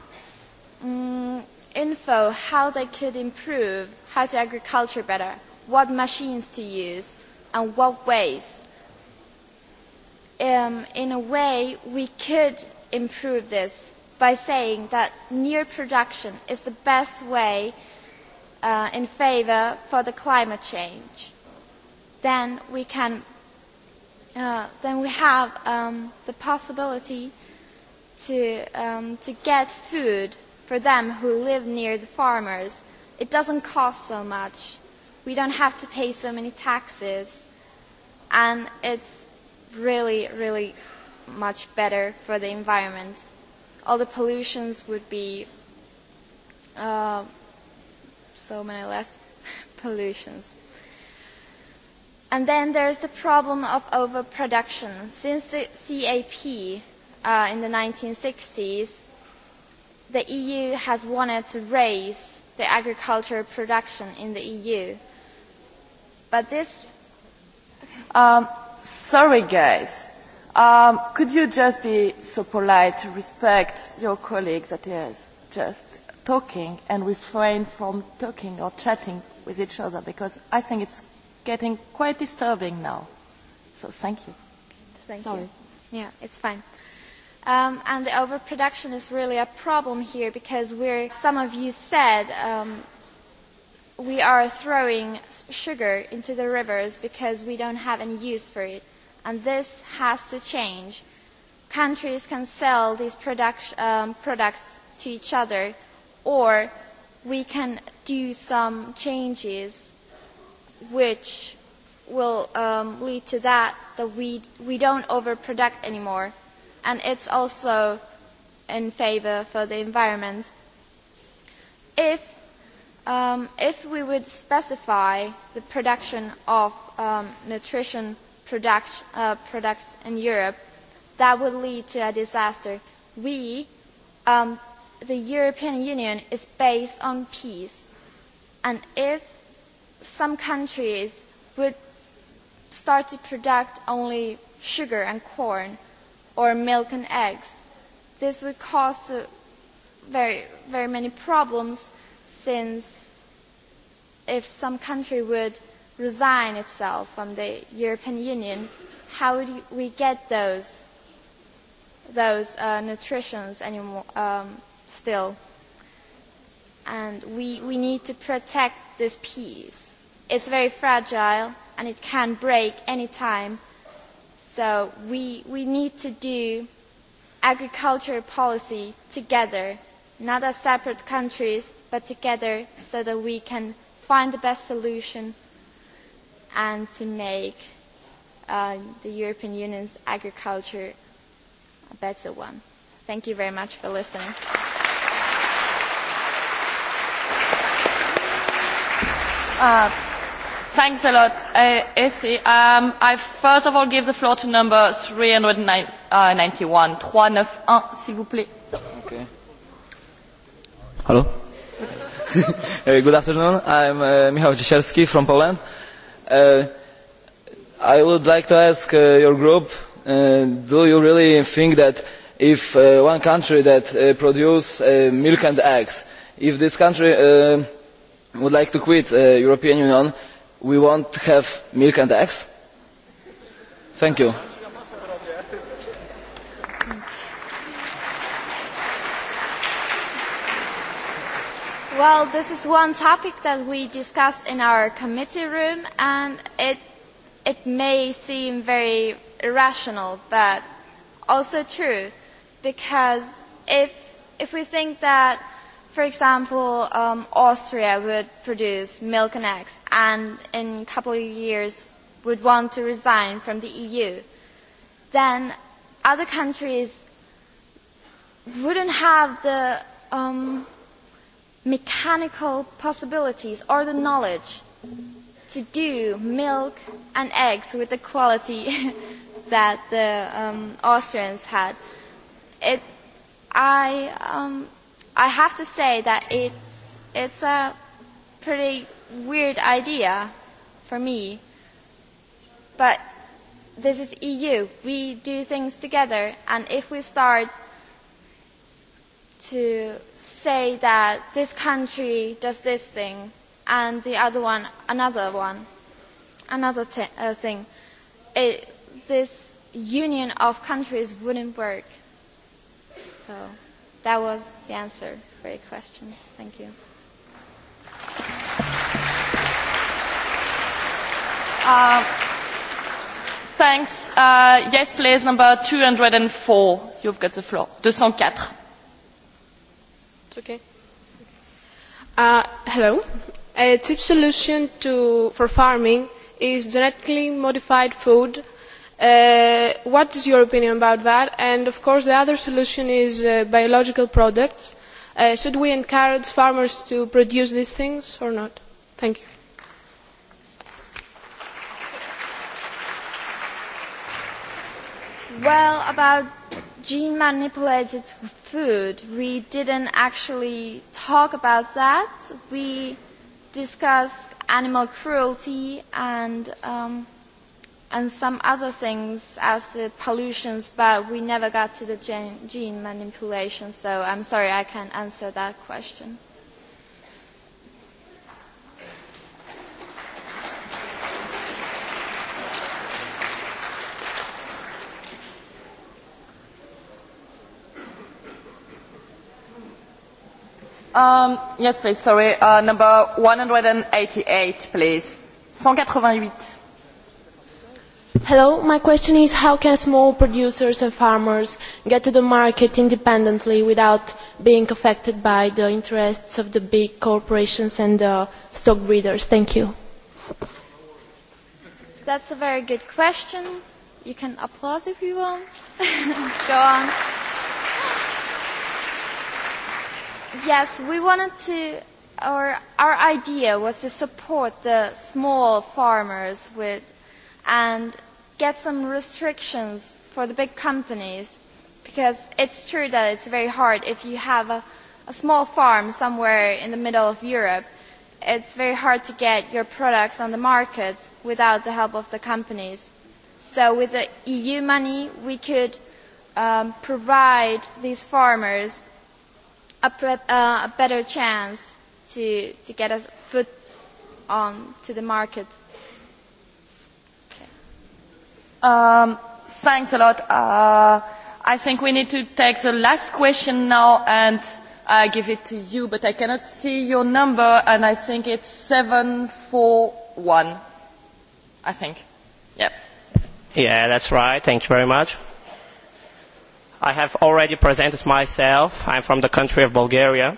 Speaker 3: info how they could improve, how to agriculture better, what machines to use and what ways. In a way, we could improve this by saying that near production is the best way in favour for the climate change. Then we can, then we have the possibility to to get food for them who live near the farmers. It doesn't cost so much we don't have to pay so many taxes. And it's really, really much better for the environment. All the pollutions would be so many less pollutions. And then there's the problem of overproduction. Since the CAP in the 1960s, the EU has wanted to raise the agricultural production in the EU. But this,
Speaker 2: sorry guys, could you just be so polite to respect your colleagues that is just talking and refrain from talking or chatting with each other because I think it's getting quite disturbing now. So thank you.
Speaker 3: Thank Sorry. you. Yeah, it's fine. Um, and the overproduction is really a problem here because we're, some of you said, um, we are throwing sugar into the rivers because we don't have any use for it. And this has to change. Countries can sell these products to each other or we can do some changes which will lead to that, that we don't overproduct anymore. And it's also in favour for the environment. If if we would specify the production of nutrition products in Europe, that would lead to a disaster. We, the European Union, is based on peace. And if some countries would start to product only sugar and corn or milk and eggs, this would cause very, very many problems since if some country would resign itself from the European Union, how would we get those those nutritions anymore still? And we we need to protect this peace. It's very fragile and it can break any time. So we we need to do agriculture policy together, not as separate countries, but together so that we can find the best solution and to make the European Union's agriculture a better one. Thank you very much for listening. Thanks a lot,
Speaker 2: I first of all give the floor to number 391. 391, s'il vous plaît.
Speaker 12: Hello. Good afternoon. I'm Michał Ciesielski from Poland. I would like to ask your group, do you really think that if one country that produces milk and eggs, if this country would like to quit the European Union, we won't have milk
Speaker 3: and eggs? Thank you. Well, this is one topic that we discussed in our committee room, and it it may seem very irrational, but also true, because if if we think that, for example, um, Austria would produce milk and eggs, and in a couple of years would want to resign from the EU, then other countries wouldn't have the um, mechanical possibilities or the knowledge to do milk and eggs with the quality that the Austrians had. I, um, I have to say that it, it's a pretty weird idea for me, but this is EU. We do things together, and if we start to say that this country does this thing and the other one another one, another thing. This union of countries wouldn't work. So that was the answer for your question. Thank you.
Speaker 2: Thanks. Yes, please, number 204. You've got the floor. 204 okay. hello. A cheap solution to, for farming is
Speaker 9: genetically modified food. what is your opinion about that? And of course, the other solution is biological products. should we encourage farmers to produce these things or not? Thank you.
Speaker 3: Well, about gene manipulated food. We didn't actually talk about that. We discussed animal cruelty and and some other things as the pollutions, but we never got to the gene manipulation. So I'm sorry I can't answer that question.
Speaker 2: Yes, please, sorry. Number 188, please.
Speaker 10: Hello, my question is how can small producers and farmers get to the market independently without being affected by the interests of the big corporations and the stock breeders? Thank you.
Speaker 3: That's a very good question. You can applaud if you want. Go on. Yes, we wanted to, or our idea was to support the small farmers with, and get some restrictions for the big companies, because it's true that it's very hard if you have a small farm somewhere in the middle of Europe. It's very hard to get your products on the market without the help of the companies. So with the EU money, we could provide these farmers a better chance to to get a foot on to the market.
Speaker 2: Thanks a lot. I think we need to take the last question now and I give it to you, but I cannot see your number and I think it's 741. I think. Yep.
Speaker 13: Yeah, that's right. Thank you very much. I have already presented myself. I am from the country of Bulgaria.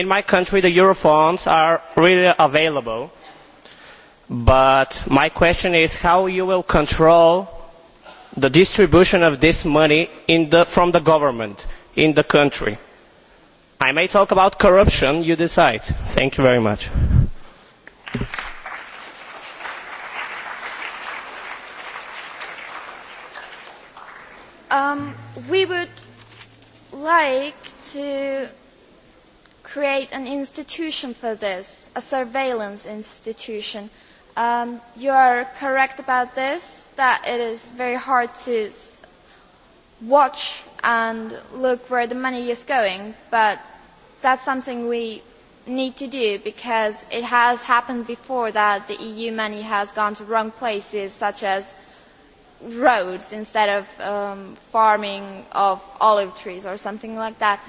Speaker 13: In my country, the Europhones are really available. But my question is how you will control the distribution of this money from the government in the country. I may talk about corruption. You decide. Thank you very much.
Speaker 3: Um, we would like to create an institution for this, a surveillance institution. you are correct about this, that it is very hard to watch and look where the money is going, but that's something we need to do because it has happened before that the EU money has gone to wrong places, such as roads instead of farming of olive trees or something like that.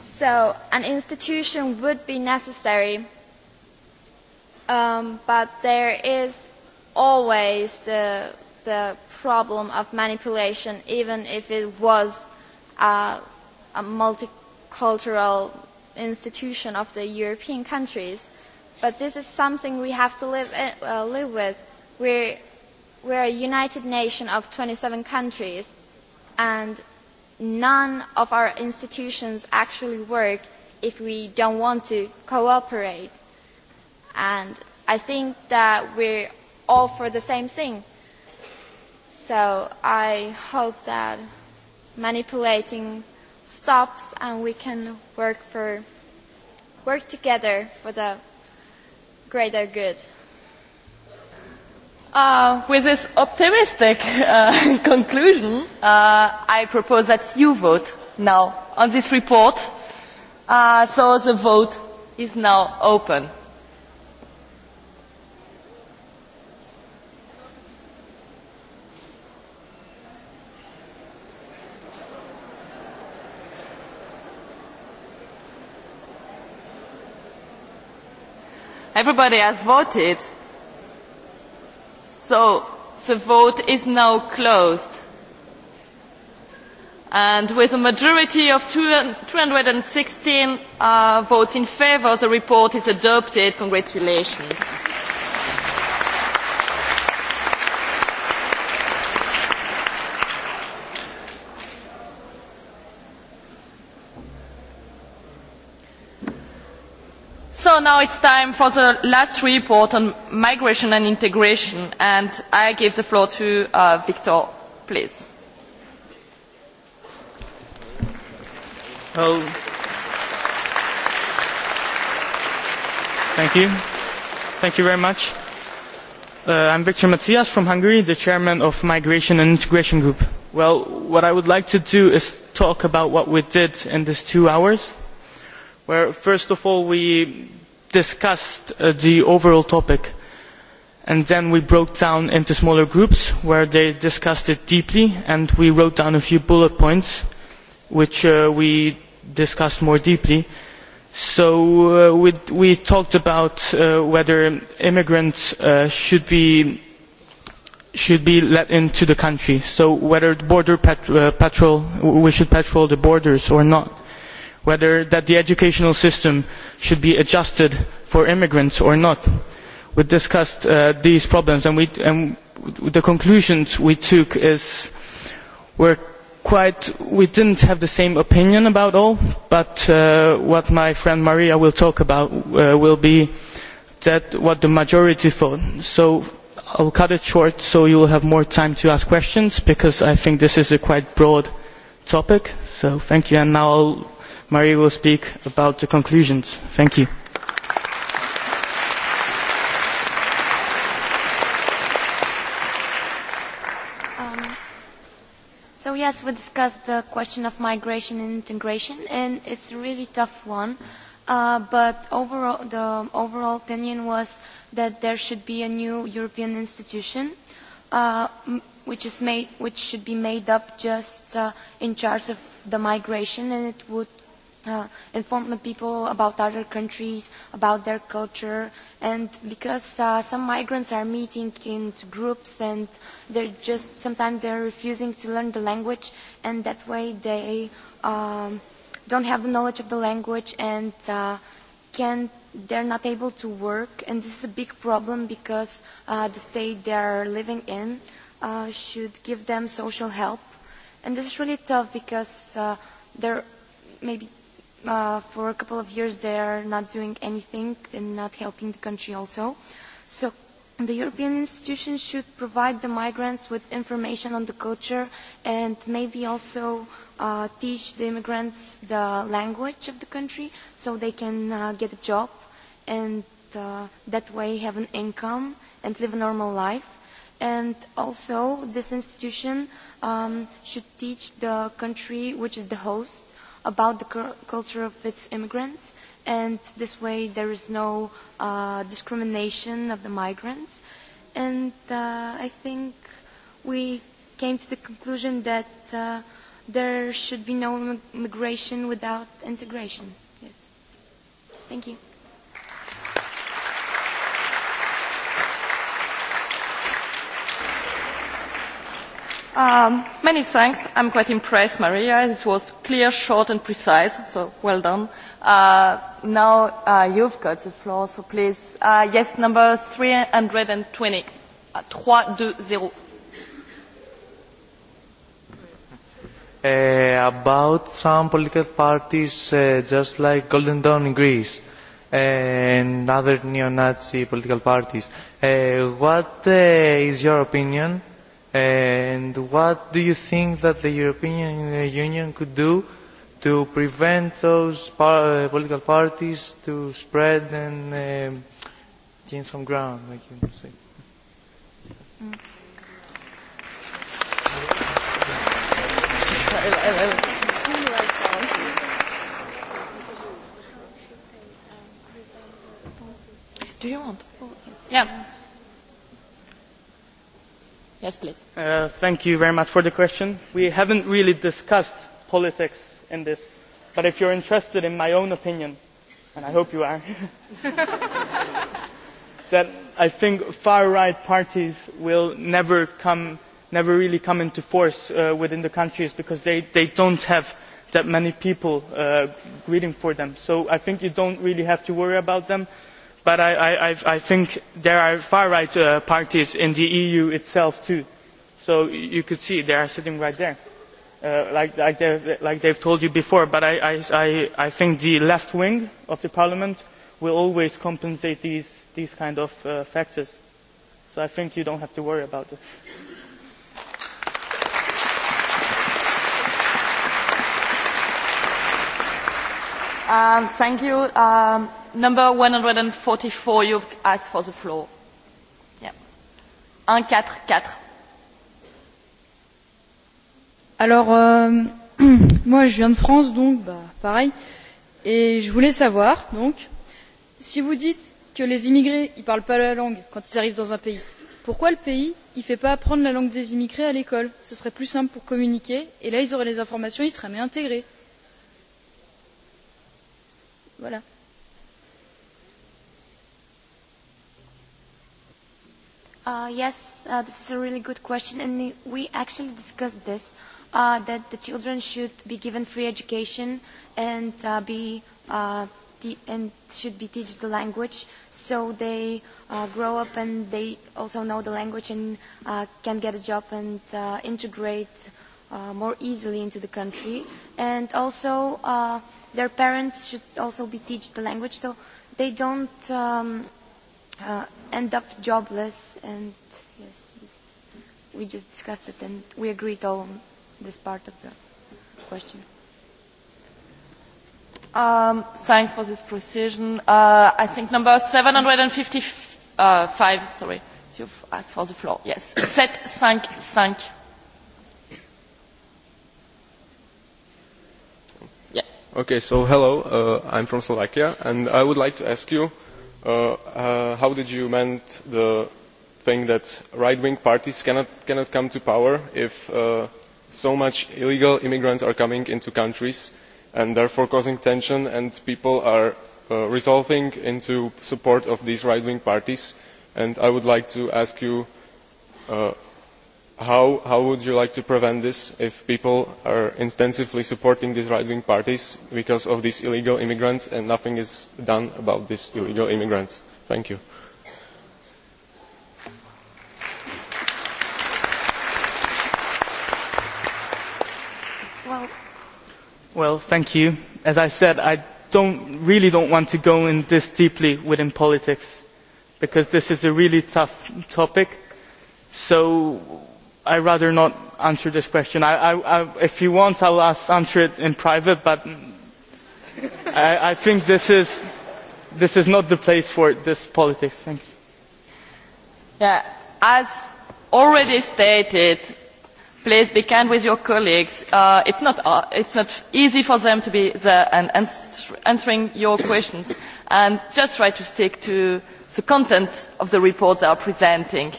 Speaker 3: So an institution would be necessary, but there is always the the problem of manipulation, even if it was a multicultural institution of the European countries. But this is something we have to live live with. We we are a united nation of 27 countries and none of our institutions actually work if we don't want to cooperate. And I think that we're all for the same thing. So I hope that manipulating stops and we can work for work together for the greater good.
Speaker 2: With this optimistic conclusion, I propose that you vote now on this report. So the vote is now open. Everybody has voted. So the vote is now closed. And with a majority of 216 votes in favour, the report is adopted. Congratulations. now it's time for the last report on migration and integration, and I give the floor to Victor, please.
Speaker 11: Thank you. Thank you very much. I'm Victor Matthias from Hungary, the chairman of Migration and Integration Group. Well, what I would like to do is talk about what we did in these two hours, where first of all we We discussed the overall topic and then we broke down into smaller groups where they discussed it deeply and we wrote down a few bullet points which we discussed more deeply. So we talked about whether immigrants should be should be let into the country. So whether border patrol, we should patrol the borders or not whether that the educational system should be adjusted for immigrants or not. We discussed these problems and the conclusions we took is were quite we didn't have the same opinion about all, but what my friend Maria will talk about will be that what the majority thought. So I'll cut it short so you will have more time to ask questions because I think this is a quite broad topic. So thank you and now I'll Marie will speak about the conclusions. Thank you.
Speaker 8: So yes, we discussed the question of migration and integration, and it's a really tough one. But overall, the overall opinion was that there should be a new European institution, which is made, which should be made up just in charge of the migration, and it would inform the people about other countries, about their culture, and because some migrants are meeting in groups and they're just sometimes they're refusing to learn the language, and that way they don't have the knowledge of the language and can they're not able to work, and this is a big problem because the state they are living in should give them social help, and this is really tough because they're maybe for a couple of years they are not doing anything and not helping the country also. So the European institutions should provide the migrants with information on the culture and maybe also teach the immigrants the language of the country so they can get a job and that way have an income and live a normal life. And also this institution should teach the country which is the host about the culture of its immigrants, and this way there is no discrimination of the migrants. And I think we came to the conclusion that there should be no immigration without integration. Yes. Thank you.
Speaker 2: Many thanks. I'm quite impressed, Maria. This was clear, short and precise, so well done. Now you've got the floor, so please. Yes, number 320. 320.
Speaker 5: About some political parties, just like Golden Dawn in Greece and other neo-Nazi political parties. What is your opinion? And what do you think that the European Union could do to prevent those political parties to spread and gain some ground, like you say?
Speaker 2: Do you want? Yeah.
Speaker 11: Thank you very much for the question. We haven't really discussed politics in this, but if you are interested in my own opinion, and I hope you are, then I think far-right parties will never come, never really come into force within the countries because they they don't have that many people greeting for them. So I think you don't really have to worry about them but i think there are far right parties in the eu itself too so you could see they are sitting right there like they've told you before but i think the left wing of the parliament will always compensate these kind of factors so i think you don't have to worry about it.
Speaker 2: thank you. Number 144, you've asked for the floor. Yeah. 144.
Speaker 14: Alors, moi, je viens de France, donc, bah, pareil. Et je voulais savoir,
Speaker 9: donc, si vous dites que les immigrés, ils parlent pas la langue quand ils arrivent dans un pays, pourquoi le pays, ne fait pas apprendre la langue des immigrés à l'école Ce serait plus simple pour communiquer, et là,
Speaker 8: ils auraient les informations, ils seraient mieux intégrés. Voilà. Yes, this is a really good question, and we actually discussed this, that the children should be given free education and be and should be taught the language, so they grow up and they also know the language and can get a job and integrate more easily into the country. And also, their parents should also be taught the language, so they don't end up jobless and yes this we just discussed it and we agreed on this part of the question um thanks for this
Speaker 2: precision i think number 755 sorry you've asked for the floor yes 755
Speaker 5: yeah okay so hello i'm from slovakia and i would like to ask you how did you mend the thing that right wing parties cannot come to power if so much illegal immigrants are coming into countries and therefore causing tension and people are resolving into support of these right wing parties and i would like to ask you how would you like to prevent this if people are intensively supporting these right wing parties because of these illegal immigrants and nothing is done about these illegal immigrants? thank you.
Speaker 11: well thank you. as i said i really don't want to go in this deeply within politics because this is a really tough topic so I rather not answer this question. If you want, I'll answer it in private, but I think this is this is not the place for this politics. Thanks.
Speaker 2: As already stated, please be kind with your colleagues. It's not it's not easy for them to be there and answering your questions, and just try to stick to the content of the report they are presenting.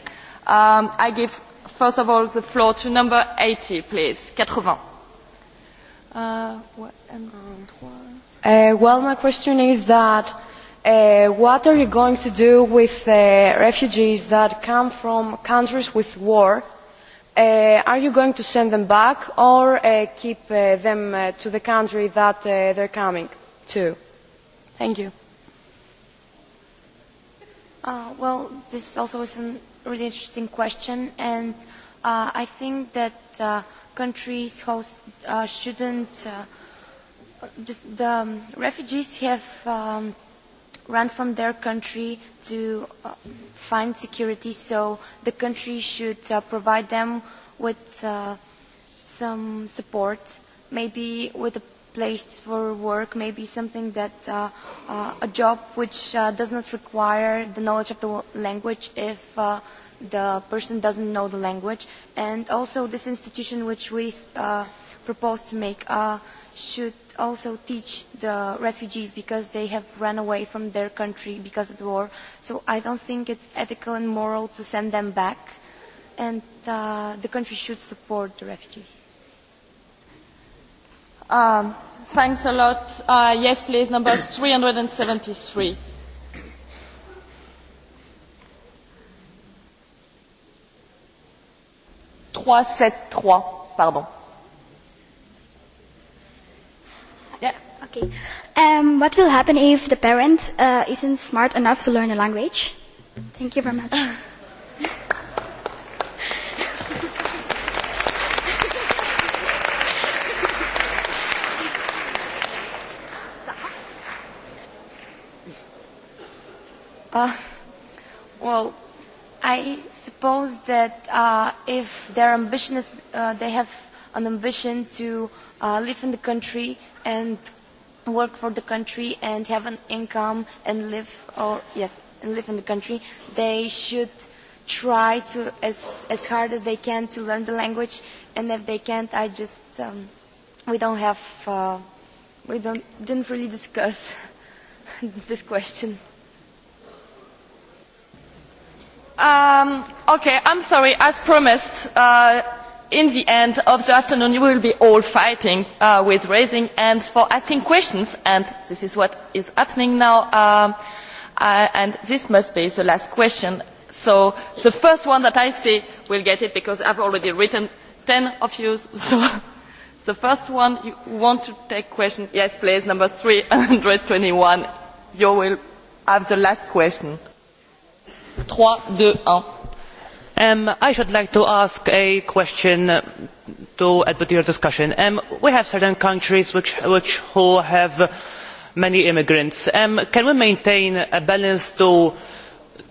Speaker 2: I give First of all, the floor to number 80, please. 80.
Speaker 9: Well, my question is that what are you going to do with refugees that come from countries with war? Are you going to send them back or keep them to the country that they're coming to? Thank
Speaker 3: you.
Speaker 8: Well, this also is an really interesting question, and I think that countries host shouldn't. Just the refugees have run from their country to find security, so the country should provide them with some support, maybe with a placed for work, maybe something that a job which does not require the knowledge of the language if the person doesn't know the language. And also this institution which we propose to make should also teach the refugees because they have run away from their country because of the war. So I don't think it's ethical and moral to send them back. And the country should support the refugees. Um Thanks a lot. Yes, please, number
Speaker 2: 373.
Speaker 3: 373. Pardon. Yeah. Okay. what will happen if the parent isn't smart enough to learn a language? Thank you very much.
Speaker 8: Well, I suppose that if their ambition is, they have an ambition to live in the country and work for the country and have an income and live, or yes, and live in the country, they should try to as as hard as they can to learn the language. And if they can't, I just we don't have we don't didn't really discuss this question. Okay,
Speaker 2: I'm sorry. As promised, in the end of the afternoon you will be all fighting with raising hands for asking questions, and this is what is happening now. And this must be the last question. So the first one that I see will get it because I've already written ten of you. So the first one you want to take question? Yes, please. Number 321. You will have the last question.
Speaker 11: I should like to ask a question to add to your discussion. We have certain countries which who have many immigrants. Can we maintain a balance to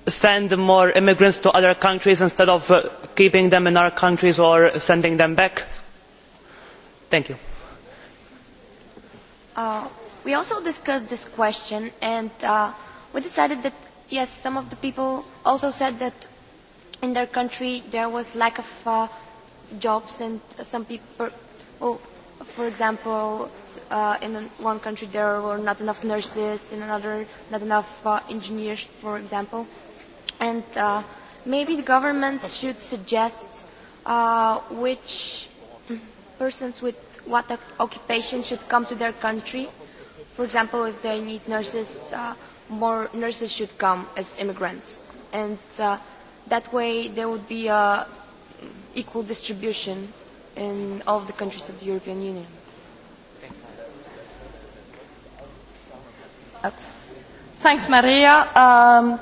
Speaker 11: send more immigrants to other countries instead of keeping them in our countries or sending them back? Thank you.
Speaker 8: We also discussed this question and we decided that yes, some of the people also said that in their country there was lack of jobs and some people, for example, in one country there were not enough nurses, in another not enough engineers, for example. And maybe the government should suggest which persons with what occupation should come to their country. For example, if they need nurses, more nurses should come as immigrants. And that way there would be an equal distribution in all the countries of the European Union.
Speaker 2: Thanks, Maria. Um,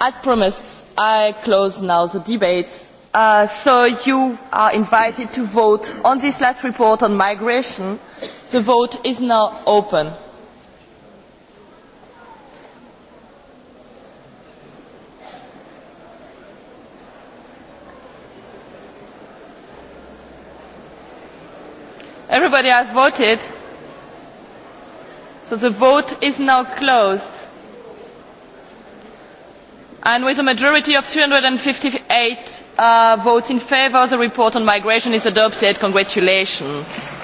Speaker 2: as promised, I close now the debate. so you are invited to vote on this last report on migration. The vote is now open. Everybody has voted. So the vote is now closed. And with a majority of 258 uh, votes in favour, the report on migration is adopted. Congratulations.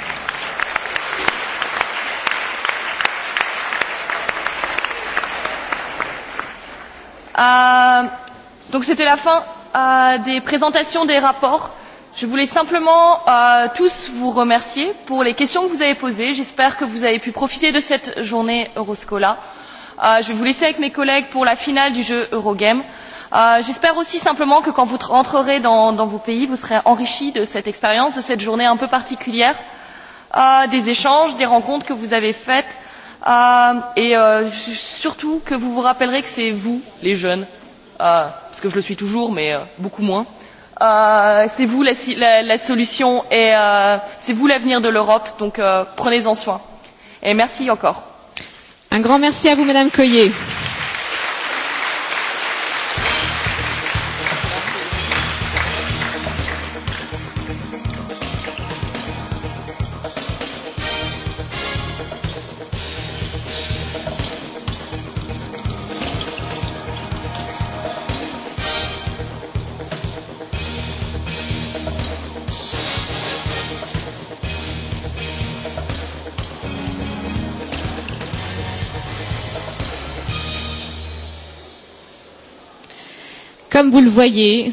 Speaker 2: Euh, donc c'était la fin euh, des présentations des rapports. Je voulais simplement tous vous remercier pour les questions que vous avez posées. J'espère que vous avez pu profiter de cette journée Euroscola. Je vais vous laisser avec mes collègues pour la finale du jeu Eurogame. J'espère aussi simplement que quand vous rentrerez dans vos pays, vous serez enrichis de cette expérience, de cette journée un peu particulière, des échanges, des rencontres que vous avez faites et surtout que vous vous rappellerez que c'est vous, les jeunes, parce que je le suis toujours, mais beaucoup moins c'est vous la solution et c'est vous l'avenir de l'Europe, donc prenez-en soin. Et merci encore.
Speaker 1: Un grand merci à vous, Madame Coyer. Comme vous le voyez,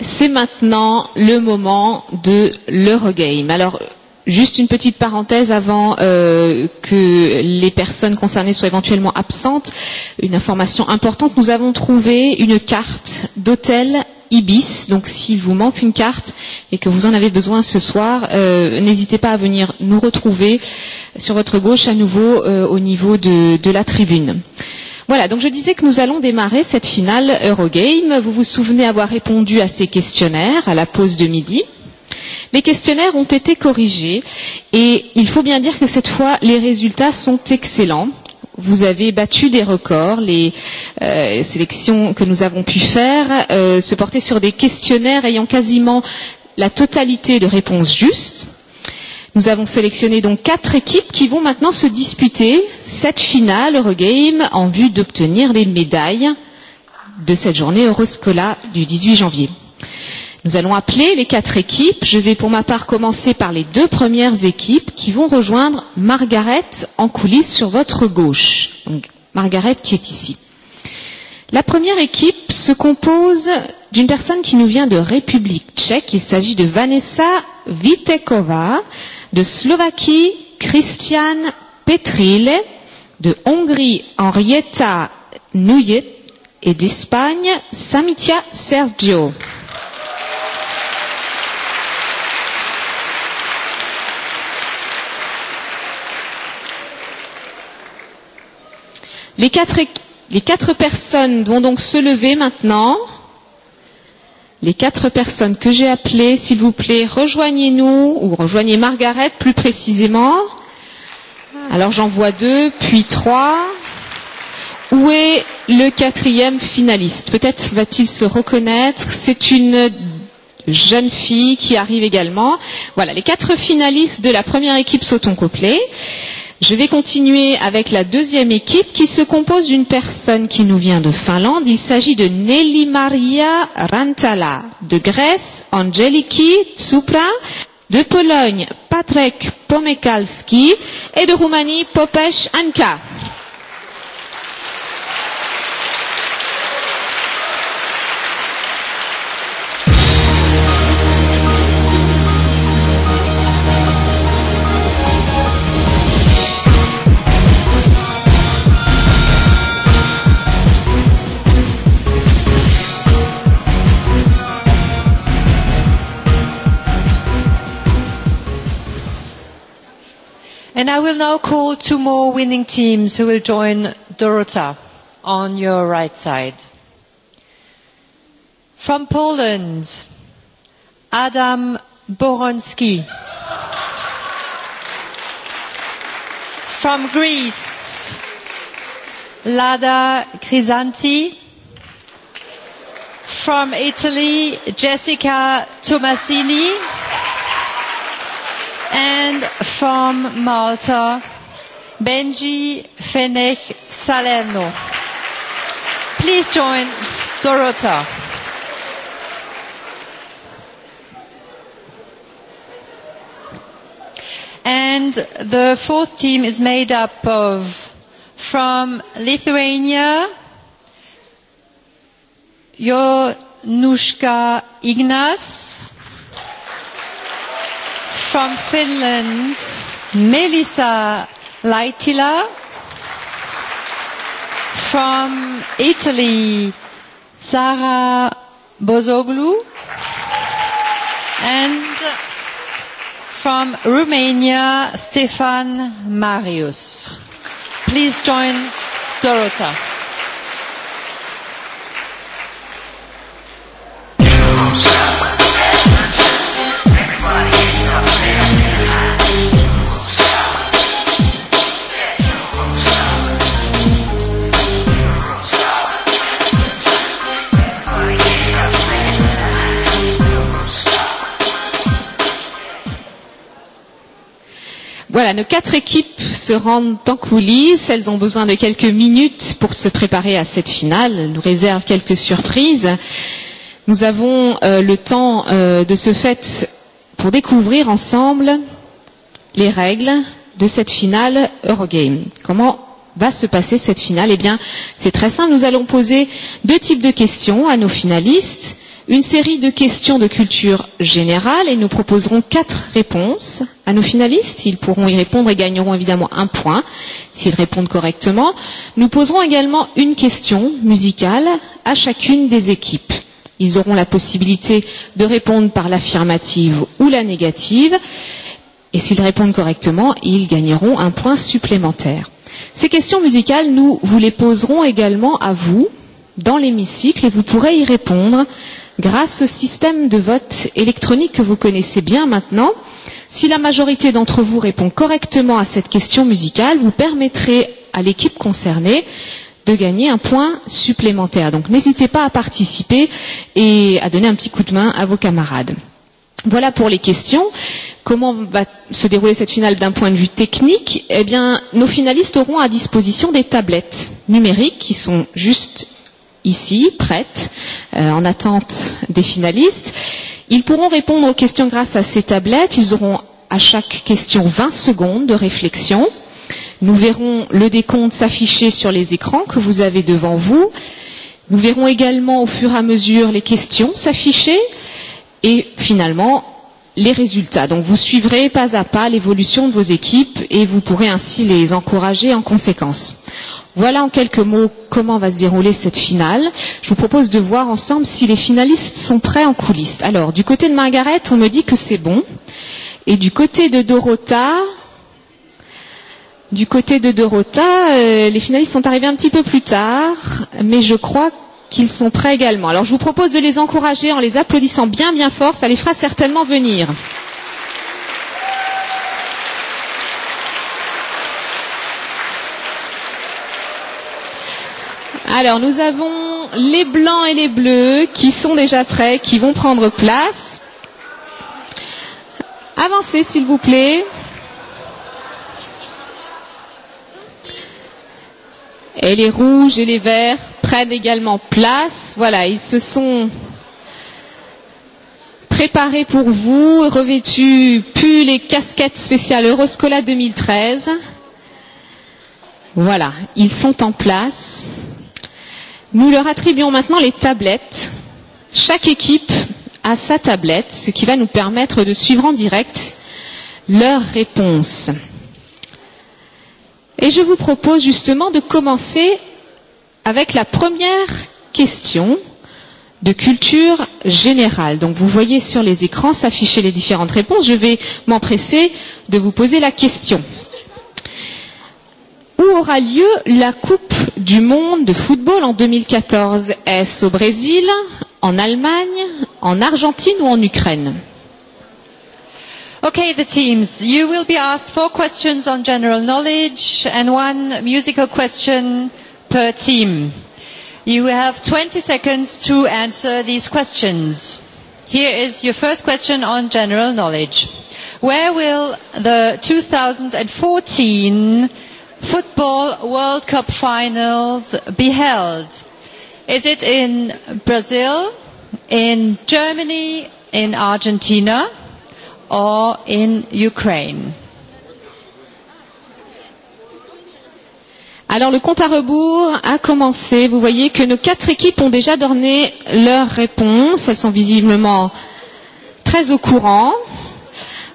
Speaker 1: c'est maintenant le moment de l'Eurogame. Alors, juste une petite parenthèse avant que les personnes concernées soient éventuellement absentes. Une information importante, nous avons trouvé une carte d'hôtel Ibis. Donc s'il vous manque une carte et que vous en avez besoin ce soir, n'hésitez pas à venir nous retrouver sur votre gauche à nouveau au niveau de la tribune. Voilà, donc je disais que nous allons démarrer cette finale Eurogame. Vous vous souvenez avoir répondu à ces questionnaires à la pause de midi. Les questionnaires ont été corrigés et il faut bien dire que cette fois, les résultats sont excellents. Vous avez battu des records. Les sélections que nous avons pu faire se portaient sur des questionnaires ayant quasiment la totalité de réponses justes Nous avons sélectionné donc quatre équipes qui vont maintenant se disputer cette finale Eurogame en vue d'obtenir les médailles de cette journée Euroscola du 18 janvier. Nous allons appeler les quatre équipes. Je vais pour ma part commencer par les deux premières équipes qui vont rejoindre Margaret en coulisses sur votre gauche. Donc, Margaret qui est ici. La première équipe se compose d'une personne qui nous vient de République tchèque. Il s'agit de Vanessa Vitekova de Slovaquie, Christian Petrile, de Hongrie, Henrietta Nuyet, et d'Espagne, Samitia Sergio. Les quatre, les quatre personnes vont donc se lever maintenant les quatre personnes que j'ai appelées, s'il vous plaît, rejoignez-nous ou rejoignez Margaret plus précisément. Alors j'en vois deux, puis trois. Où est le quatrième finaliste Peut-être va-t-il se reconnaître. C'est une jeune fille qui arrive également. Voilà, les quatre finalistes de la première équipe sautons Je vais continuer avec la deuxième équipe qui se compose d'une personne qui nous vient de Finlande. Il s'agit de Nelly Maria Rantala, de Grèce, Angeliki Tsupra, de Pologne, Patrick Pomekalski et de Roumanie, Popes Anka.
Speaker 14: And I will now call two more winning teams who will join Dorota on your right side. From Poland, Adam Boronski. From Greece, Lada Crisanti. From Italy, Jessica Tomasini and from Malta, Benji Fenech Salerno. Please join Dorota. And the fourth team is made up of from Lithuania, Jonushka Ignas, from Finland, Melissa Laitila. From Italy, Sara Bozoglu. And from Romania, Stefan Marius. Please join Dorota.
Speaker 1: Voilà, nos quatre équipes se rendent en coulisses. Elles ont besoin de quelques minutes pour se préparer à cette finale. Elles nous réservent quelques surprises. Nous avons le temps de ce fait pour découvrir ensemble les règles de cette finale Eurogame. Comment va se passer cette finale Eh bien, c'est très simple. Nous allons poser deux types de questions à nos finalistes une série de questions de culture générale et nous proposerons quatre réponses à nos finalistes. Ils pourront y répondre et gagneront évidemment un point s'ils répondent correctement. Nous poserons également une question musicale à chacune des équipes. Ils auront la possibilité de répondre par l'affirmative ou la négative. Et s'ils répondent correctement, ils gagneront un point supplémentaire. Ces questions musicales, nous vous les poserons également à vous dans l'hémicycle et vous pourrez y répondre grâce au système de vote électronique que vous connaissez bien maintenant, si la majorité d'entre vous répond correctement à cette question musicale, vous permettrez à l'équipe concernée de gagner un point supplémentaire. Donc n'hésitez pas à participer et à donner un petit coup de main à vos camarades. Voilà pour les questions. Comment va se dérouler cette finale d'un point de vue technique Eh bien, nos finalistes auront à disposition des tablettes numériques qui sont juste ici, prêtes, en attente des finalistes. Ils pourront répondre aux questions grâce à ces tablettes. Ils auront à chaque question 20 secondes de réflexion. Nous verrons le décompte s'afficher sur les écrans que vous avez devant vous. Nous verrons également au fur et à mesure les questions s'afficher et finalement les résultats. Donc vous suivrez pas à pas l'évolution de vos équipes et vous pourrez ainsi les encourager en conséquence. Voilà en quelques mots comment va se dérouler cette finale. Je vous propose de voir ensemble si les finalistes sont prêts en coulisses. Alors, du côté de Margaret, on me dit que c'est bon. Et du côté de Dorota, du côté de Dorota, les finalistes sont arrivés un petit peu plus tard, mais je crois qu'ils sont prêts également. Alors, je vous propose de les encourager en les applaudissant bien bien fort, ça les fera certainement venir. Alors nous avons les blancs et les bleus qui sont déjà prêts, qui vont prendre place. Avancez s'il vous plaît. Et les rouges et les verts prennent également place. Voilà, ils se sont préparés pour vous, revêtus pull les casquettes spéciales Euroscola 2013. Voilà, ils sont en place. Nous leur attribuons maintenant les tablettes. Chaque équipe a sa tablette, ce qui va nous permettre de suivre en direct leurs réponses. Et je vous propose justement de commencer avec la première question de culture générale. Donc vous voyez sur les écrans s'afficher les différentes réponses. Je vais m'empresser de vous poser la question aura lieu la Coupe du monde de football en 2014 Est-ce au Brésil, en Allemagne, en Argentine ou en Ukraine Okay, the teams.
Speaker 14: You will be asked four questions on general knowledge and one musical question per team. You have 20 seconds to answer these questions. Here is your first question on general knowledge. Where will the 2014 Football World Cup finals be held? Is it in Brazil, in Germany, in Argentina, or in Ukraine?
Speaker 1: Alors le compte à rebours a commencé. Vous voyez que nos quatre équipes ont déjà donné leurs réponses. Elles sont visiblement très au courant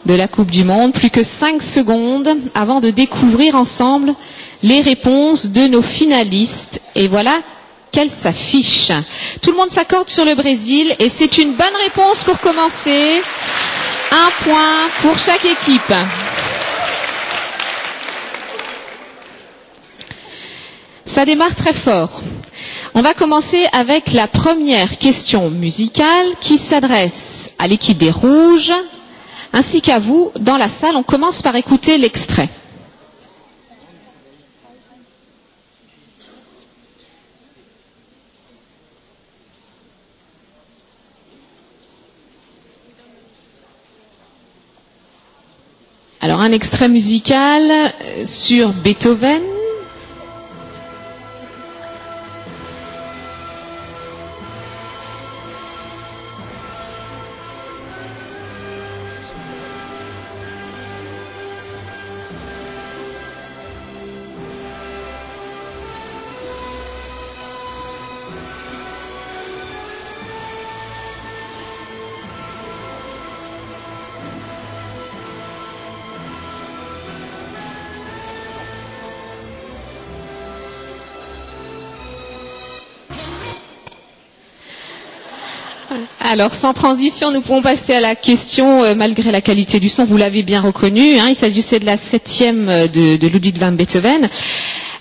Speaker 1: de la Coupe du Monde. Plus que cinq secondes avant de découvrir ensemble les réponses de nos finalistes. Et voilà qu'elles s'affichent. Tout le monde s'accorde sur le Brésil et c'est une bonne réponse pour commencer. Un point pour chaque équipe. Ça démarre très fort. On va commencer avec la première question musicale qui s'adresse à l'équipe des Rouges ainsi qu'à vous dans la salle. On commence par écouter l'extrait. Alors un extrait musical sur Beethoven Alors, sans transition, nous pouvons passer à la question, malgré la qualité du son, vous l'avez bien reconnu, hein, il s'agissait de la septième de, de Ludwig van Beethoven.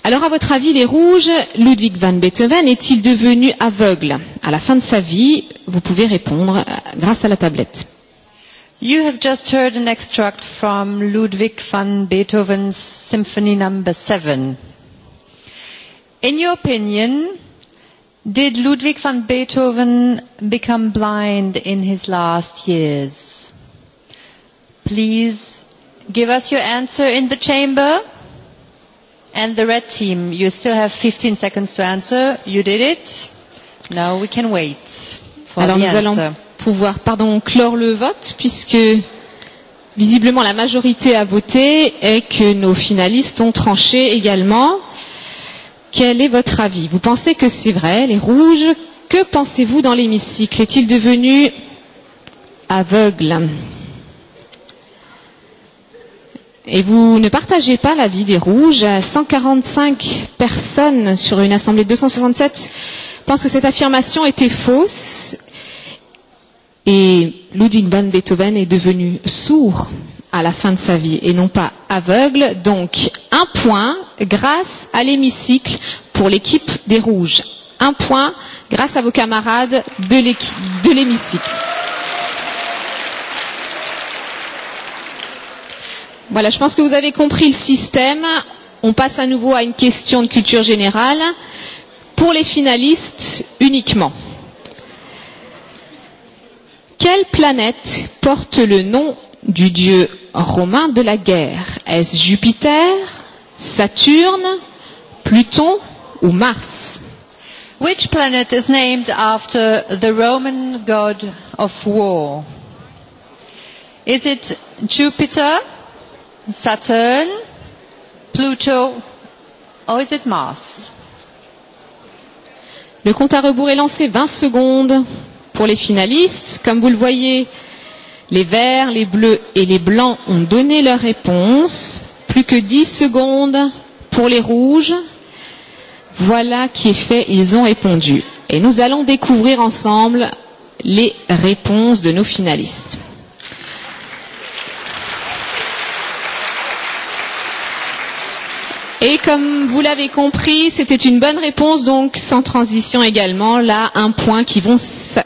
Speaker 1: Alors, à votre avis, les rouges, Ludwig van Beethoven est-il devenu aveugle à la fin de sa vie Vous pouvez répondre grâce à la tablette.
Speaker 14: You have just heard an extract from Ludwig van Beethoven's Symphony Number 7. In your opinion, Did Ludwig van Beethoven become blind in his last years? Please give us your answer in the chamber. And the red team, you still have 15 seconds to answer. You did it. Now we can wait for the answer. Alors nous allons
Speaker 1: pouvoir, pardon, clore le vote puisque visiblement la majorité a voté et que nos finalistes ont tranché également. Quel est votre avis Vous pensez que c'est vrai, les rouges Que pensez-vous dans l'hémicycle Est-il devenu aveugle Et vous ne partagez pas l'avis des rouges. 145 personnes sur une assemblée de 267 pensent que cette affirmation était fausse. Et Ludwig van Beethoven est devenu sourd à la fin de sa vie et non pas aveugle. Donc un point grâce à l'hémicycle pour l'équipe des Rouges. Un point grâce à vos camarades de l'hémicycle. Voilà, je pense que vous avez compris le système. On passe à nouveau à une question de culture générale. Pour les finalistes uniquement. Quelle planète porte le nom du dieu romain de la guerre Est-ce Jupiter, Saturne, Pluton ou Mars Which planet is named after the Roman god
Speaker 14: of war? Is it Jupiter, Saturn, Pluto or is it Mars?
Speaker 1: Le compte à rebours est lancé 20 secondes pour les finalistes. Comme vous le voyez, Les verts, les bleus et les blancs ont donné leur réponse. Plus que 10 secondes pour les rouges. Voilà qui est fait, ils ont répondu. Et nous allons découvrir ensemble les réponses de nos finalistes. Et comme vous l'avez compris, c'était une bonne réponse, donc sans transition également. Là, un point, qui vont,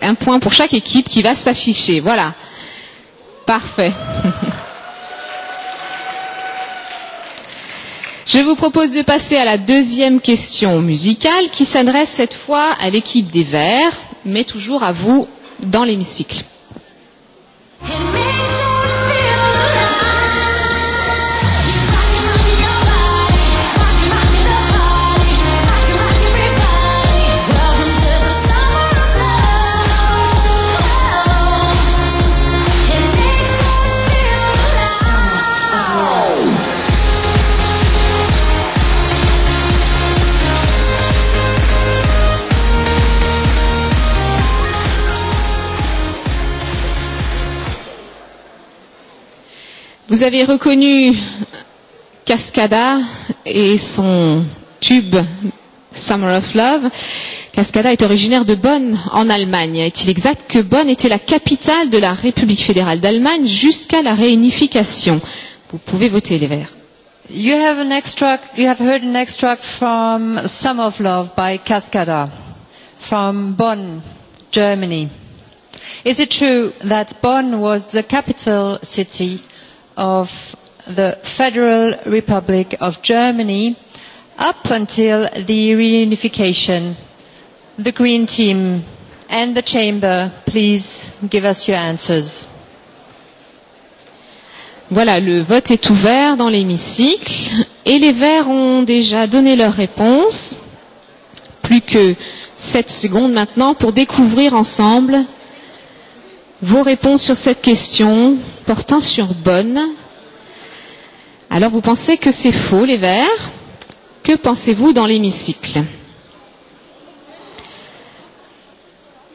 Speaker 1: un point pour chaque équipe qui va s'afficher. Voilà. Parfait. Je vous propose de passer à la deuxième question musicale qui s'adresse cette fois à l'équipe des Verts, mais toujours à vous dans l'hémicycle. Vous avez reconnu Cascada et son tube Summer of Love. Cascada est originaire de Bonn, en Allemagne. Est-il exact que Bonn était la capitale de la République fédérale d'Allemagne jusqu'à la réunification Vous pouvez voter les verts.
Speaker 14: You have, an extract, you have heard an extract from Summer of Love by Cascada from Bonn, Germany. Is it true that Bonn was the capital city of the Federal Republic of Germany up until the reunification. The Green Team and the Chamber, please
Speaker 1: give us your answers. Voilà, le vote est ouvert dans l'hémicycle et les Verts ont déjà donné leur réponse. Plus que 7 secondes maintenant pour découvrir ensemble vos réponses sur cette question portant sur bonne. Alors vous pensez que c'est faux les verts Que pensez-vous dans l'hémicycle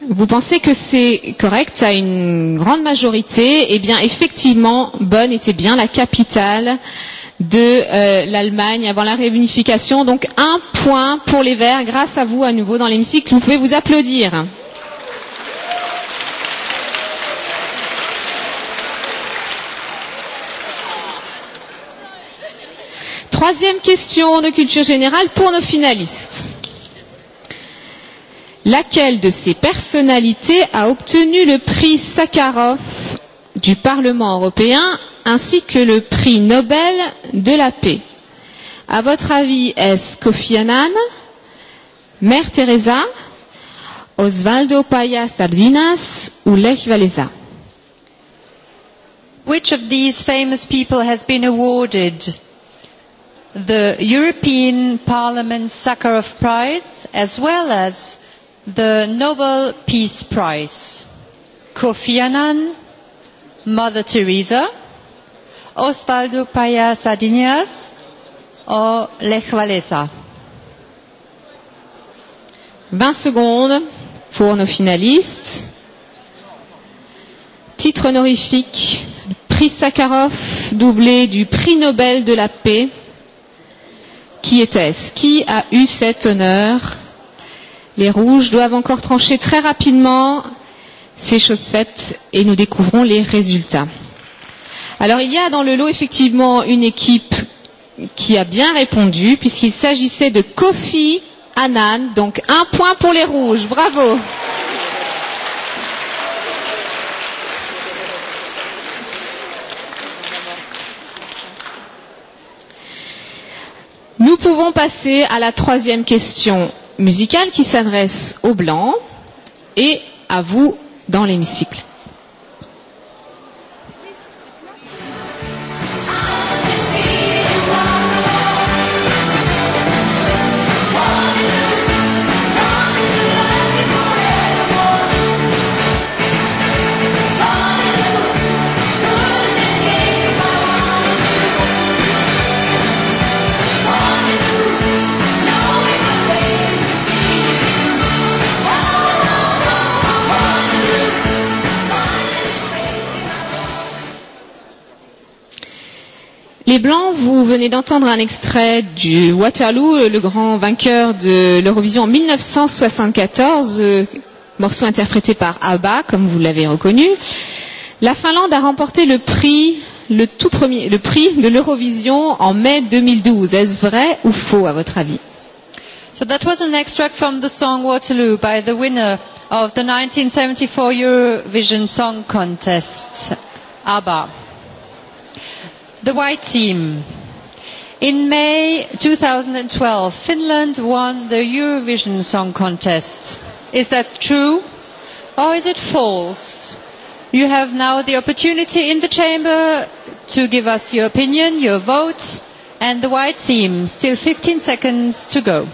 Speaker 1: Vous pensez que c'est correct à une grande majorité Eh bien effectivement, Bonn était bien la capitale de l'Allemagne avant la réunification. Donc un point pour les verts grâce à vous à nouveau dans l'hémicycle. Vous pouvez vous applaudir. troisième question de culture générale pour nos finalistes. Laquelle de ces personnalités a obtenu le prix Sakharov du Parlement européen ainsi que le prix Nobel de la paix À votre avis, est-ce Kofi Annan, Mère Teresa, Osvaldo Paya Sardinas ou Lech Walesa
Speaker 14: Which of these famous people has been awarded the European Parliament Sakharov Prize as well as the Nobel Peace Prize. Kofi Annan, Mother Teresa, Osvaldo Paya Sardinias or Lech Walesa.
Speaker 1: 20 secondes pour nos finalistes. Titre honorifique, prix Sakharov, doublé du prix Nobel de la paix Qui était-ce Qui a eu cet honneur Les rouges doivent encore trancher très rapidement. ces choses faites et nous découvrons les résultats. Alors il y a dans le lot effectivement une équipe qui a bien répondu puisqu'il s'agissait de Kofi Annan. Donc un point pour les rouges. Bravo. Nous pouvons passer à la troisième question musicale qui s'adresse aux Blancs et à vous dans l'hémicycle. venez d'entendre un extrait du Waterloo, le grand vainqueur de l'Eurovision en 1974, morceau interprété par ABBA, comme vous l'avez reconnu. La Finlande a remporté le prix, le tout premier, le prix de l'Eurovision en mai 2012. Est-ce vrai ou faux, à votre avis So that
Speaker 14: was an extract from the song Waterloo by the winner of the 1974 Eurovision Song Contest, ABBA. The white team. In May 2012, Finland won the Eurovision Song Contest. Is that true or is it false? You have now the opportunity in the chamber to give us your opinion, your vote, and the white team. Still 15 seconds to go.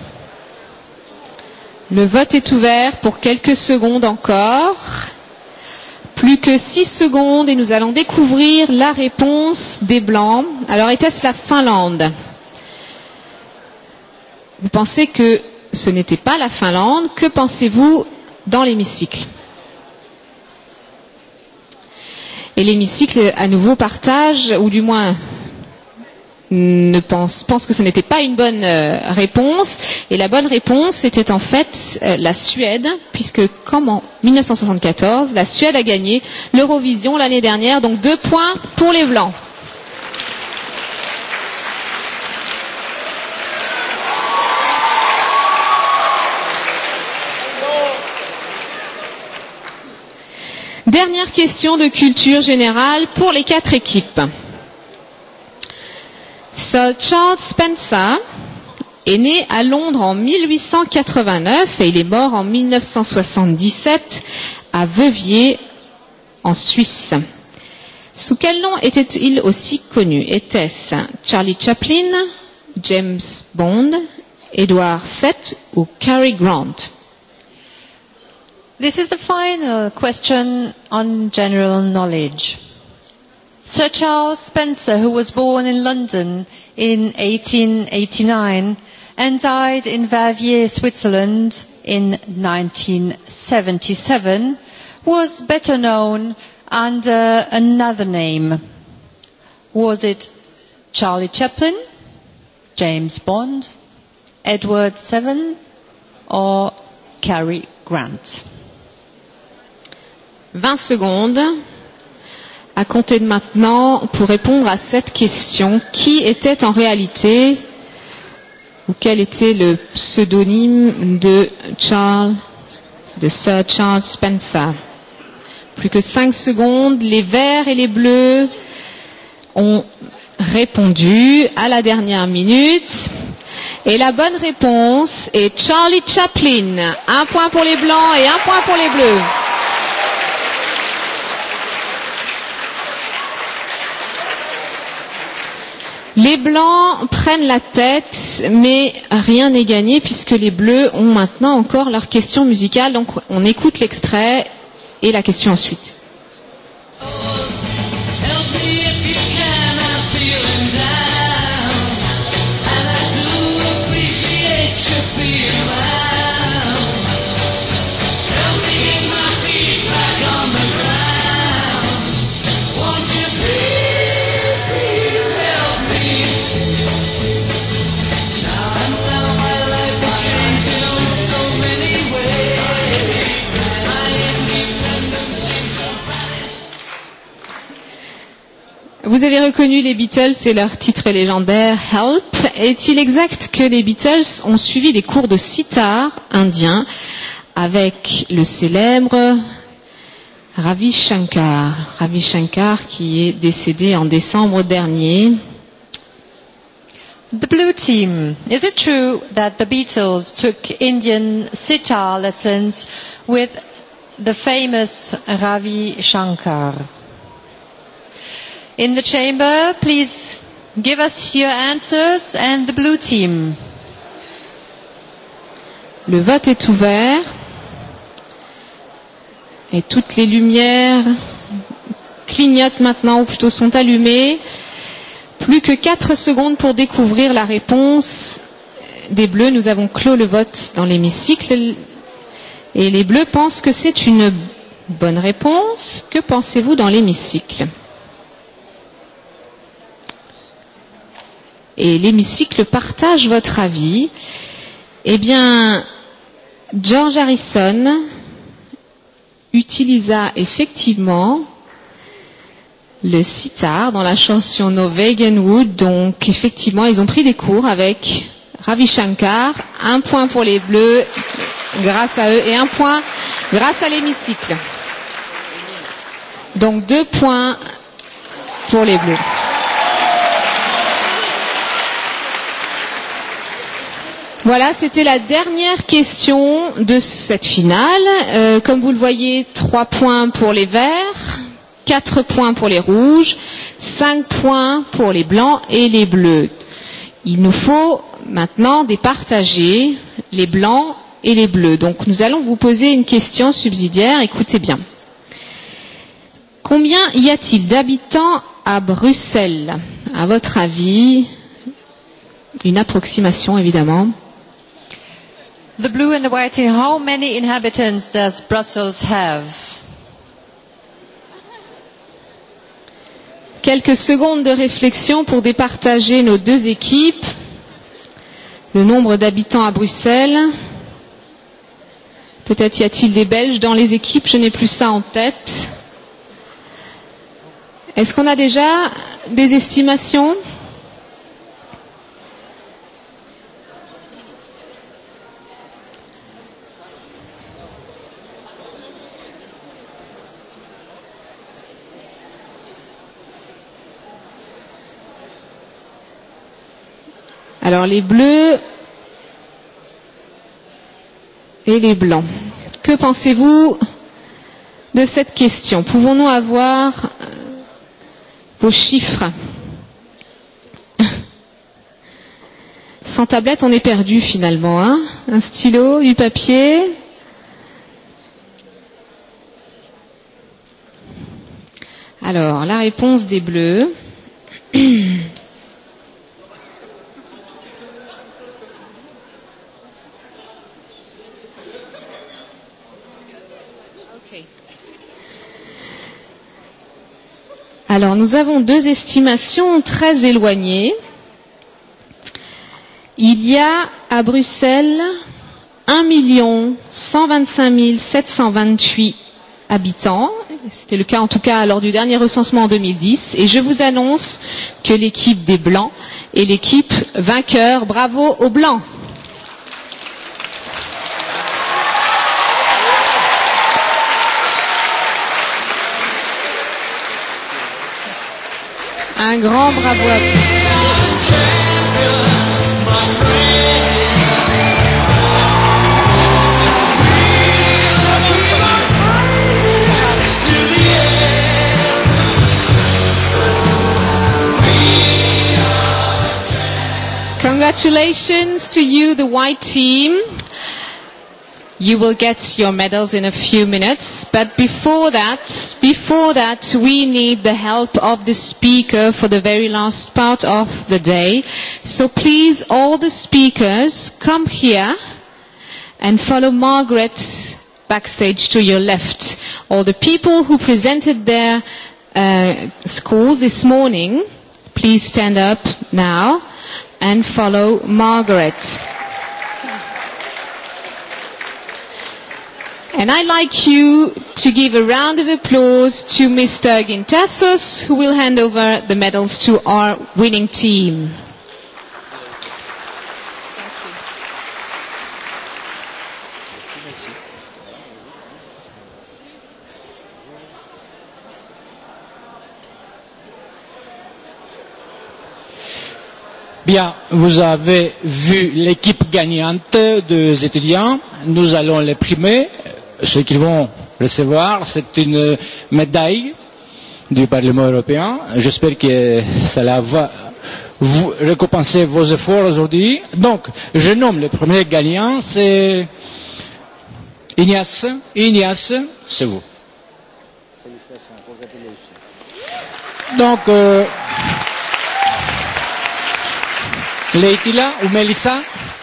Speaker 1: Le vote est ouvert pour quelques secondes encore. Plus que 6 secondes et nous allons découvrir la réponse des Blancs. Alors, était-ce la Finlande Vous pensez que ce n'était pas la Finlande. Que pensez-vous dans l'hémicycle Et l'hémicycle, à nouveau, partage, ou du moins ne pense, pense que ce n'était pas une bonne réponse. Et la bonne réponse était en fait la Suède, puisque comme en 1974, la Suède a gagné l'Eurovision l'année dernière, donc deux points pour les Blancs. Dernière question de culture générale pour les quatre équipes. Sir Charles Spencer est né à Londres en 1889 et il est mort en 1977 à Veuviers, en Suisse. Sous quel nom était-il aussi connu Était-ce Charlie Chaplin, James Bond, Edward VII ou Cary Grant This is the final question
Speaker 14: on general knowledge. Sir Charles Spencer, who was born in London in 1889 and died in Verviers, Switzerland in 1977, was better known under another name. Was it Charlie Chaplin, James Bond, Edward Seven
Speaker 1: or Cary Grant? 20 secondes à compter de maintenant pour répondre à cette question. Qui était en réalité ou quel était le pseudonyme de Charles, de Sir Charles Spencer Plus que cinq secondes, les verts et les bleus ont répondu à la dernière minute. Et la bonne réponse est Charlie Chaplin. Un point pour les blancs et un point pour les bleus. Les blancs prennent la tête, mais rien n'est gagné puisque les bleus ont maintenant encore leur question musicale. Donc on écoute l'extrait et la question ensuite. vous avez reconnu les Beatles et leur titre légendaire Help. Est-il exact que les Beatles ont suivi des cours de sitar indien avec le célèbre Ravi Shankar, Ravi Shankar qui est décédé en décembre dernier. The blue team,
Speaker 14: is it true that the Beatles took Indian sitar lessons with the famous Ravi Shankar? in the chamber. Please give us your answers and the blue team.
Speaker 1: Le vote est ouvert et toutes les lumières clignotent maintenant ou plutôt sont allumées. Plus que 4 secondes pour découvrir la réponse des bleus. Nous avons clos le vote dans l'hémicycle et les bleus pensent que c'est une bonne réponse. Que pensez-vous dans l'hémicycle et l'hémicycle partage votre avis. Eh bien, George Harrison utilisa effectivement le sitar dans la chanson No Vegan Wood. Donc, effectivement, ils ont pris des cours avec Ravi Shankar. Un point pour les Bleus grâce à eux et un point grâce à l'hémicycle. Donc, deux points pour les Bleus. Voilà, c'était la dernière question de cette finale. Comme vous le voyez, trois points pour les verts, quatre points pour les rouges, cinq points pour les blancs et les bleus. Il nous faut maintenant départager les blancs et les bleus. Donc nous allons vous poser une question subsidiaire. Écoutez bien. Combien y a-t-il d'habitants à Bruxelles À votre avis, une approximation évidemment
Speaker 14: the blue and the white how many inhabitants does Brussels have?
Speaker 1: Quelques secondes de réflexion pour départager nos deux équipes. Le nombre d'habitants à Bruxelles. Peut-être y a-t-il des Belges dans les équipes, je n'ai plus ça en tête. Est-ce qu'on a déjà des estimations Alors les bleus et les blancs. Que pensez-vous de cette question Pouvons-nous avoir vos chiffres Sans tablette, on est perdu finalement. Hein Un stylo, du papier. Alors, la réponse des bleus. Alors, nous avons deux estimations très éloignées. Il y a à Bruxelles 1 125 728 habitants. C'était le cas en tout cas lors du dernier recensement en 2010. Et je vous annonce que l'équipe des Blancs est l'équipe vainqueur. Bravo aux Blancs. Un grand bravo à vous. Congratulations to you, the white team. You will get your medals in a few minutes, but before that, before that, we need the help of the speaker for the very last part of the day. So please, all the speakers, come here and follow Margaret backstage to your left. All the people who presented their schools this morning, please stand up now and follow Margaret. And I'd like you to give a round of applause to Mr. Gintasos, who will hand over the medals to our winning team.
Speaker 15: Bien, vous avez vu l'équipe gagnante des étudiants. Nous allons les primer ceux qui vont recevoir, c'est une médaille du Parlement européen. J'espère que cela va vous récompenser vos efforts aujourd'hui. Donc, je nomme le premier gagnant, c'est Ignace. Ignace, c'est vous. Donc, euh, Leitila ou Melissa,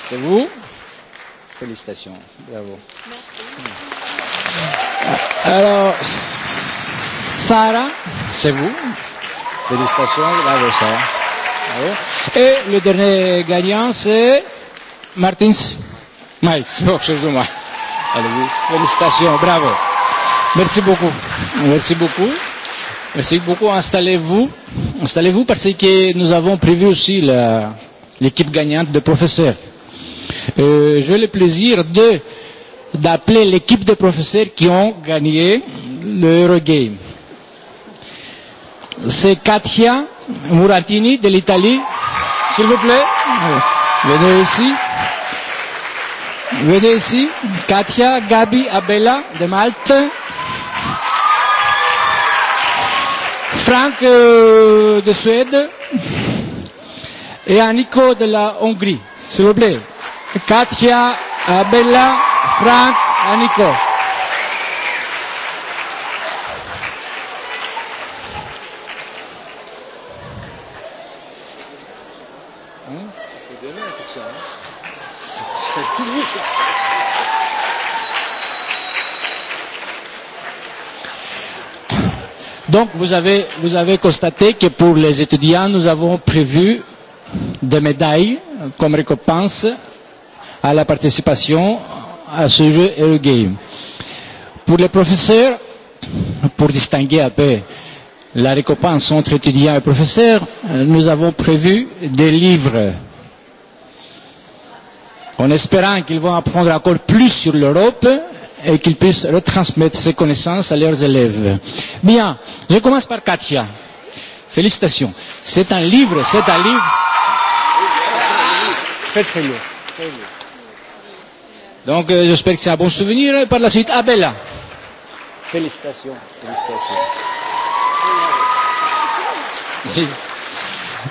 Speaker 15: c'est vous. Félicitations, bravo. Alors, Sarah, c'est vous. Félicitations, bravo Sarah. Bravo. Et le dernier gagnant, c'est Martins. Mike, excusez-moi. Allez-vous. Félicitations, bravo. Merci beaucoup. Merci beaucoup. Merci beaucoup. Installez-vous. Installez-vous parce que nous avons prévu aussi l'équipe gagnante de professeurs. Euh, J'ai le plaisir de d'appeler l'équipe de professeurs qui ont gagné le Eurogame. C'est Katia Muratini de l'Italie. S'il vous plaît, venez ici. Venez ici. Katia Gabi Abella de Malte. Franck de Suède. Et Aniko de la Hongrie. S'il vous plaît. Katia Abella. Φρανκ Ανίκο. Donc vous avez, vous avez constaté que pour les étudiants, nous avons prévu des médailles comme récompense à la participation à ce jeu Eurogame. Pour les professeurs, pour distinguer un peu la récompense entre étudiants et professeurs, nous avons prévu des livres en espérant qu'ils vont apprendre encore plus sur l'Europe et qu'ils puissent retransmettre ces connaissances à leurs élèves. Bien, je commence par Katia. Félicitations. C'est un livre, c'est un livre. Très très Donc j'espère que c'est un bon souvenir. Et par la suite, Abella. Félicitations. Félicitations.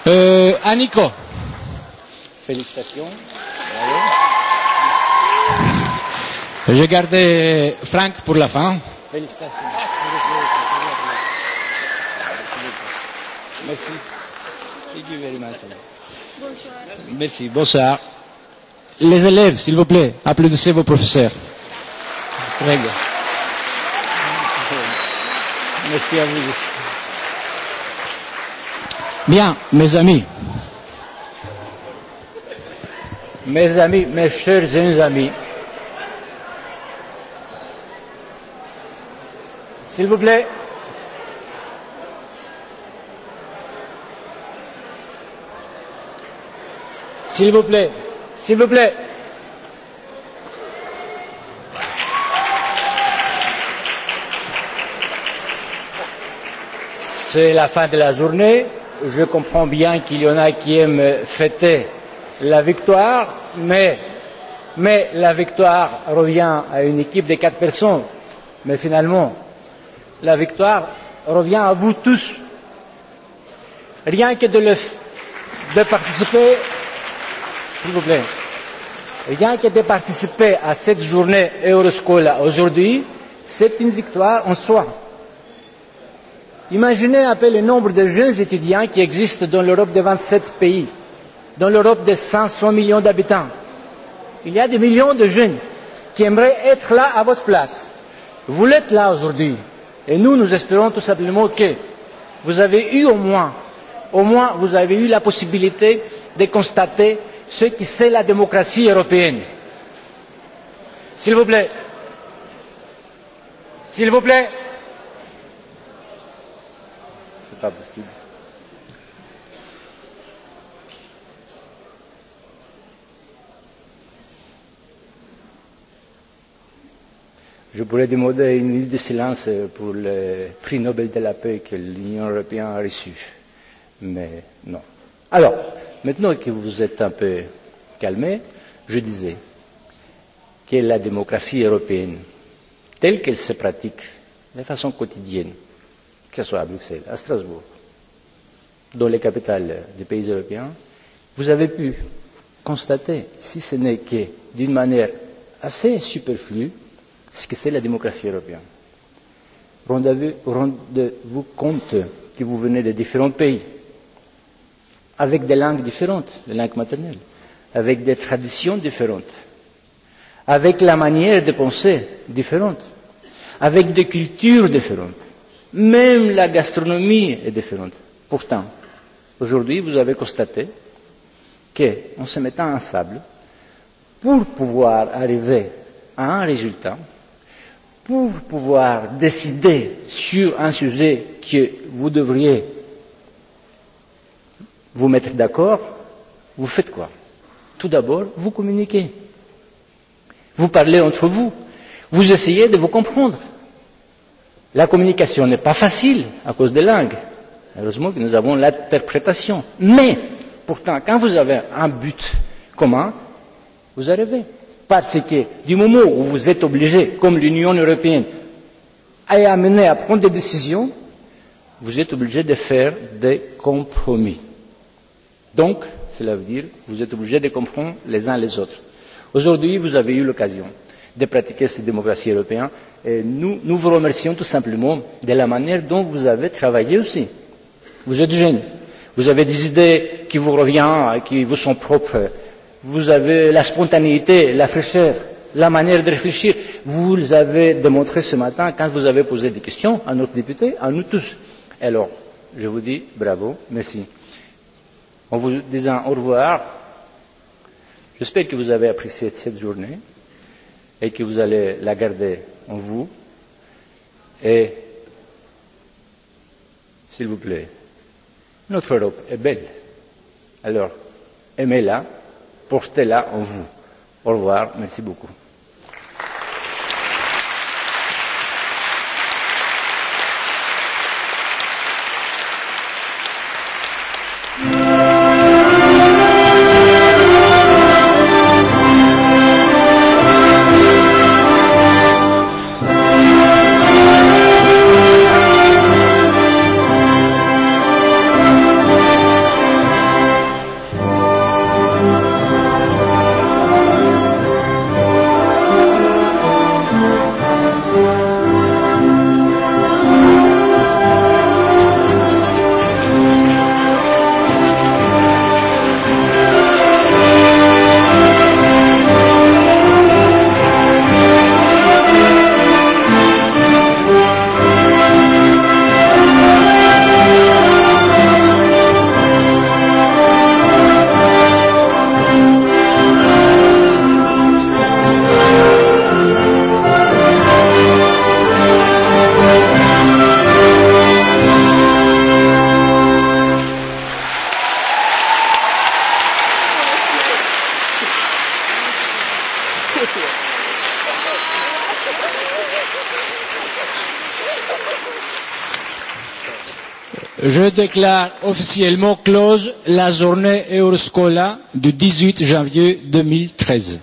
Speaker 15: euh, Aniko. Félicitations. Je gardé Franck pour la fin. Félicitations. Merci. Bonsoir. Merci. Les élèves, s'il vous plaît, applaudissez vos professeurs. Très bien. Merci à vous. Bien, mes amis. Mes amis, mes chers amis. S'il vous plaît. S'il vous plaît. S'il vous plaît. C'est la fin de la journée. Je comprends bien qu'il y en a qui aiment fêter la victoire, mais, mais la victoire revient à une équipe de quatre personnes. Mais finalement, la victoire revient à vous tous. Rien que de, le, de participer s'il vous plaît. Rien que de participer à cette journée Euroscola aujourd'hui, c'est une victoire en soi. Imaginez un peu le nombre de jeunes étudiants qui existent dans l'Europe de 27 pays, dans l'Europe de 500 millions d'habitants. Il y a des millions de jeunes qui aimeraient être là à votre place. Vous l'êtes là aujourd'hui. Et nous, nous espérons tout simplement que vous avez eu au moins, au moins vous avez eu la possibilité de constater ce qui c'est la démocratie européenne. S'il vous plaît. S'il vous plaît. C'est pas possible. Je pourrais demander une minute de silence pour le prix Nobel de la paix que l'Union européenne a reçu. Mais non. Alors, Maintenant que vous êtes un peu calmé, je disais que la démocratie européenne, telle qu'elle se pratique de façon quotidienne, que ce soit à Bruxelles, à Strasbourg, dans les capitales des pays européens, vous avez pu constater, si ce n'est que d'une manière assez superflue, ce que c'est la démocratie européenne. Rendez-vous compte que vous venez de différents pays avec des langues différentes, les langues maternelles, avec des traditions différentes, avec la manière de penser différente, avec des cultures différentes. Même la gastronomie est différente. Pourtant, aujourd'hui, vous avez constaté qu'en se mettant en sable, pour pouvoir arriver à un résultat, pour pouvoir décider sur un sujet que vous devriez vous mettre d'accord, vous faites quoi Tout d'abord, vous communiquez. Vous parlez entre vous. Vous essayez de vous comprendre. La communication n'est pas facile à cause des langues. Heureusement que nous avons l'interprétation. Mais, pourtant, quand vous avez un but commun, vous arrivez. Parce que du moment où vous êtes obligé, comme l'Union européenne, à amener à prendre des décisions, vous êtes obligé de faire des compromis Donc, cela veut dire que vous êtes obligés de comprendre les uns les autres. Aujourd'hui, vous avez eu l'occasion de pratiquer cette démocratie européenne et nous, nous vous remercions tout simplement de la manière dont vous avez travaillé aussi. Vous êtes jeunes, vous avez des idées qui vous reviennent, qui vous sont propres, vous avez la spontanéité, la fraîcheur, la manière de réfléchir. Vous avez démontré ce matin quand vous avez posé des questions à notre député, à nous tous. Alors, je vous dis bravo, merci en vous disant au revoir. J'espère que vous avez apprécié cette journée et que vous allez la garder en vous. Et, s'il vous plaît, notre Europe est belle. Alors, aimez-la, portez-la en vous. Au revoir, merci beaucoup. déclare officiellement close la journée Euroscola du 18 janvier 2013.